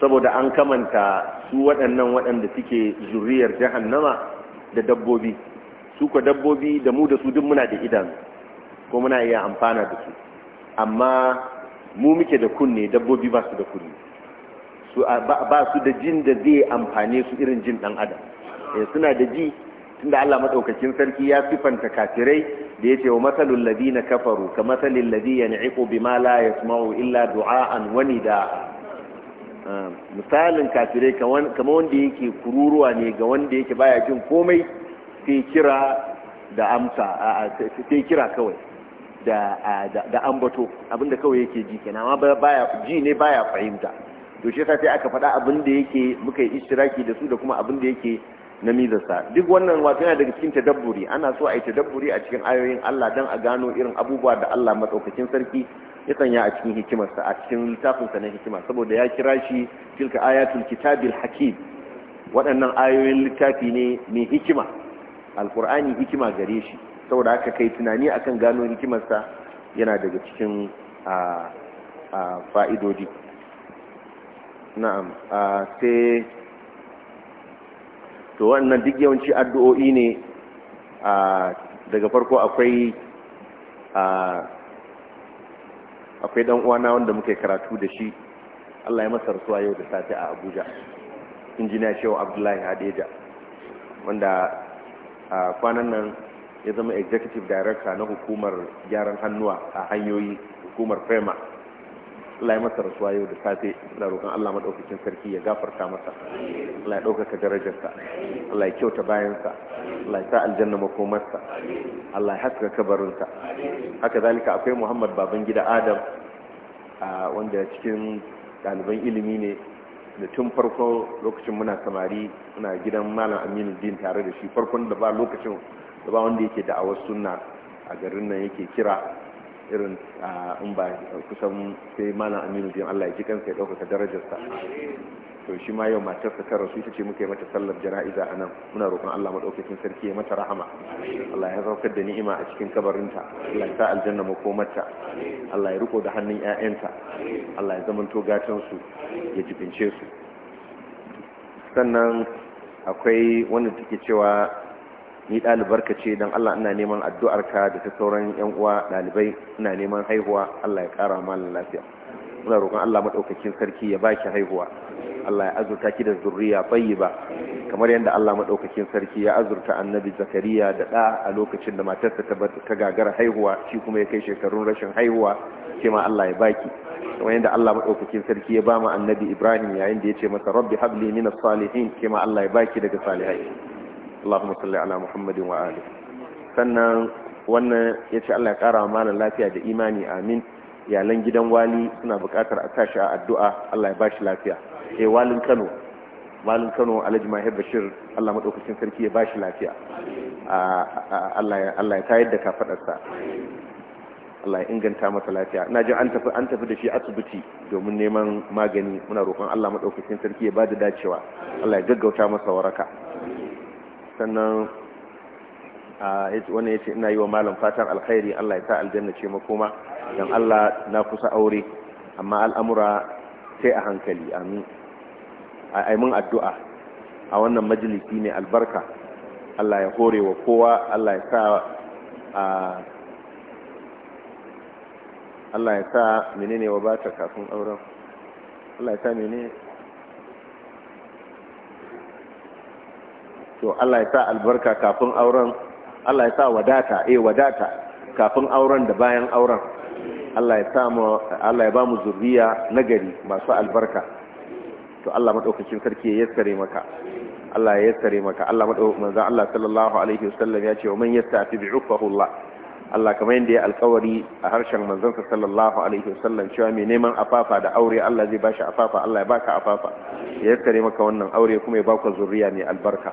Speaker 1: saboda an kamanta su waɗannan waɗanda suke zuriyar jahannama da dabbobi su ko dabbobi da mu da su duk muna da idanu ko muna iya amfana da su amma mu muke da kunne dabbobi ba su da kunne su ba su da jin da zai amfane su irin jin dan adam eh, suna da ji tunda Allah madaukakin sarki ya sifanta kafirai da yace wa matalul ladina kafaru ka matalil ladhi bi bima ya yasma'u illa du'aan wani da. Ah, misalin kafire kama wanda yake kururuwa ne ga wanda yake baya jin komai sai kira da amsa sai kira kawai da ambato abinda kawai yake ji ke amma baya ji ne baya fahimta to shi sai aka faɗa abinda yake muka yi ishiraki da su da kuma abinda yake na mizasa duk wannan wato yana daga cikin tadabburi ana so a yi tadabburi a cikin ayoyin Allah dan a gano irin abubuwa da Allah matsaukakin sarki ya sanya a cikin hikimarsa a cikin littafinsa na hikima saboda ya kira shi tilka ayatul kitabil hakim waɗannan ayoyin littafi ne mai hikima alkur'ani hikima gare shi saboda haka kai tunani akan gano hikimarsa yana daga cikin fa'idodi na'am sai to wannan duk yawanci addu'o'i ne daga farko akwai akwai dan uwana wanda muke karatu da shi Allah ya masa rasuwa yau da safe a Abuja injiniya Shehu Abdullahi Hadeja wanda kwanan nan ya zama executive director na hukumar gyaran hannuwa a hanyoyi hukumar FEMA Allah ya masa rasuwa yau da safe da roƙon Allah maɗaukakin sarki ya gafarta masa Allah ya ɗaukaka darajarsa Allah ya kyauta bayansa Allah ya sa aljanna makomarsa Allah ya haska kabarinsa haka zalika akwai Muhammad gida Adam wanda cikin ɗaliban ilimi ne da tun farko lokacin muna samari muna gidan malam aminu din tare da shi farkon da ba lokacin da ba wanda yake da awar sunna a garin nan yake kira irin in ba kusan sai mana aminu biyan Allah ya ji kansa ya ɗaukaka darajarsa to shi ma yau matarsa ta rasu ita ce muka yi mata sallar jana'iza a nan muna roƙon Allah maɗaukacin sarki ya mata rahama Allah ya saukar da ni'ima a cikin kabarinta Allah ya sa aljanna makomarta Allah ya riko da hannun 'ya'yanta Allah ya zamanto gatan su ya jibince su sannan akwai wanda take cewa ni ɗalibarka ce don Allah ina neman addu'arka da ta sauran ‘yan uwa ɗalibai ina neman haihuwa Allah ya ƙara malin lafiya muna roƙon Allah maɗaukakin sarki ya baki haihuwa Allah ya azurta ki da zurriya bayi ba kamar yadda Allah maɗaukakin sarki ya azurta annabi zakariya da ɗa a lokacin da matarsa ta ta gagara haihuwa shi kuma ya kai shekarun rashin haihuwa ke ma Allah ya baki kamar yadda Allah maɗaukakin sarki ya ba ma annabi ibrahim yayin da ya ce masa rabbi habli minas salihin ke ma Allah ya baki daga salihai Allahumma salli ala Muhammadin wa ali sannan wannan yace Allah ya kara wa malam lafiya da imani amin iyalan gidan wali suna buƙatar a tashi a addu'a Allah ya bashi lafiya eh walin Kano walin Kano Alhaji Mahir Bashir Allah madaukakin sarki ya bashi lafiya Allah ya Allah ya tayar da kafadarsa Allah ya inganta masa lafiya ina ji an tafi an tafi da shi asibiti domin neman magani muna roƙon Allah madaukakin sarki ya bada dacewa Allah ya gaggauta masa waraka sannan wani ya ce ina yi wa malam fatan alkhairi Allah ya sa aljanna ce makoma don Allah na kusa aure amma al'amura sai a hankali amin a mun addu'a a wannan majalisi ne albarka Allah ya hore wa kowa Allah ya sa a Allah ya sa menene wa ba ta kafin auren Allah ya sa menene to Allah ya sa albarka kafin auren Allah ya sa wadata eh wadata kafin auren da bayan auren Allah ya sa mu Allah ya ba mu zuriya nagari masu albarka to Allah madaukakin sarki ya yassare maka Allah ya yassare maka Allah madaukakin manzo Allah sallallahu alaihi wasallam ya ce wa man yasta'fi bi Allah Allah kamar yadda ya alkawari a harshen sa sallallahu alaihi wasallam cewa mai neman afafa da aure Allah zai bashi afafa Allah ya baka afafa ya yassare maka wannan aure kuma ya baka zuriya mai albarka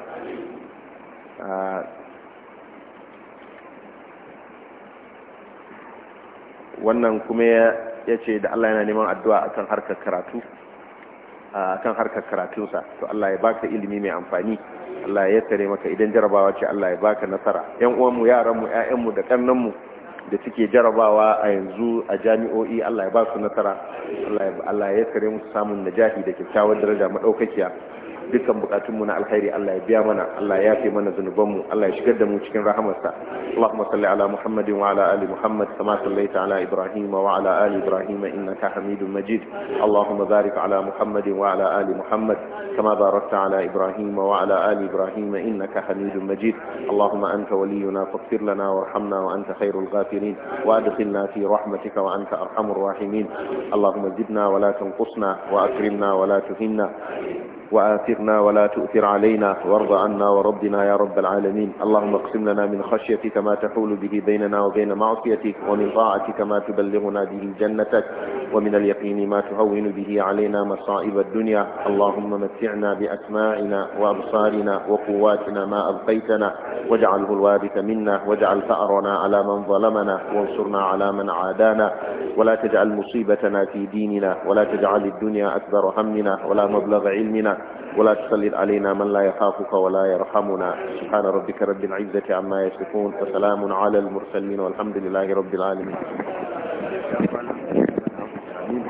Speaker 1: wannan kuma ya ce da Allah yana neman addu'a kan harkar karatu akan harkar karatunsa to Allah ya baka ilimi mai amfani Allah ya tare maka idan jarabawa ce Allah ya baka nasara yan uwanmu yaranmu 'ya'yanmu da ƙannanmu da suke jarabawa a yanzu a jami'o'i Allah ya ba su nasara Allah ya tare musu samun najahi da kyakkyawar daraja maɗaukakiya dukkan bukatunmu na alkhairi Allah ya biya mana Allah ya fi mana zunubanmu Allah ya shigar da mu cikin rahamarsa Allahumma salli ala Muhammadin wa ala ali Muhammad kama sallaita ala Ibrahim wa ala ali Ibrahim innaka Hamidum Majid Allahumma barik ala Muhammadin wa ala ali Muhammad kama barakta ala Ibrahim wa ala ali Ibrahim innaka Hamidum Majid Allahumma anta waliyuna faghfir lana warhamna wa anta khairul ghafirin wa adkhilna fi rahmatika wa anta arhamur rahimin Allahumma zidna wa la tanqusna wa akrimna wa la tuhinna وآثرنا ولا تؤثر علينا وارض عنا وربنا يا رب العالمين اللهم اقسم لنا من خشيتك ما تحول به بيننا وبين معصيتك ومن طاعتك ما تبلغنا به جنتك ومن اليقين ما تهون به علينا مصائب الدنيا اللهم متعنا بأسماعنا وأبصارنا وقواتنا ما أبقيتنا واجعله الوارث منا واجعل ثأرنا على من ظلمنا وانصرنا على من عادانا ولا تجعل مصيبتنا في ديننا ولا تجعل الدنيا أكبر همنا ولا مبلغ علمنا ولا تسلط علينا من لا يخافك ولا يرحمنا سبحان ربك رب العزة عما يصفون وسلام على المرسلين والحمد لله رب العالمين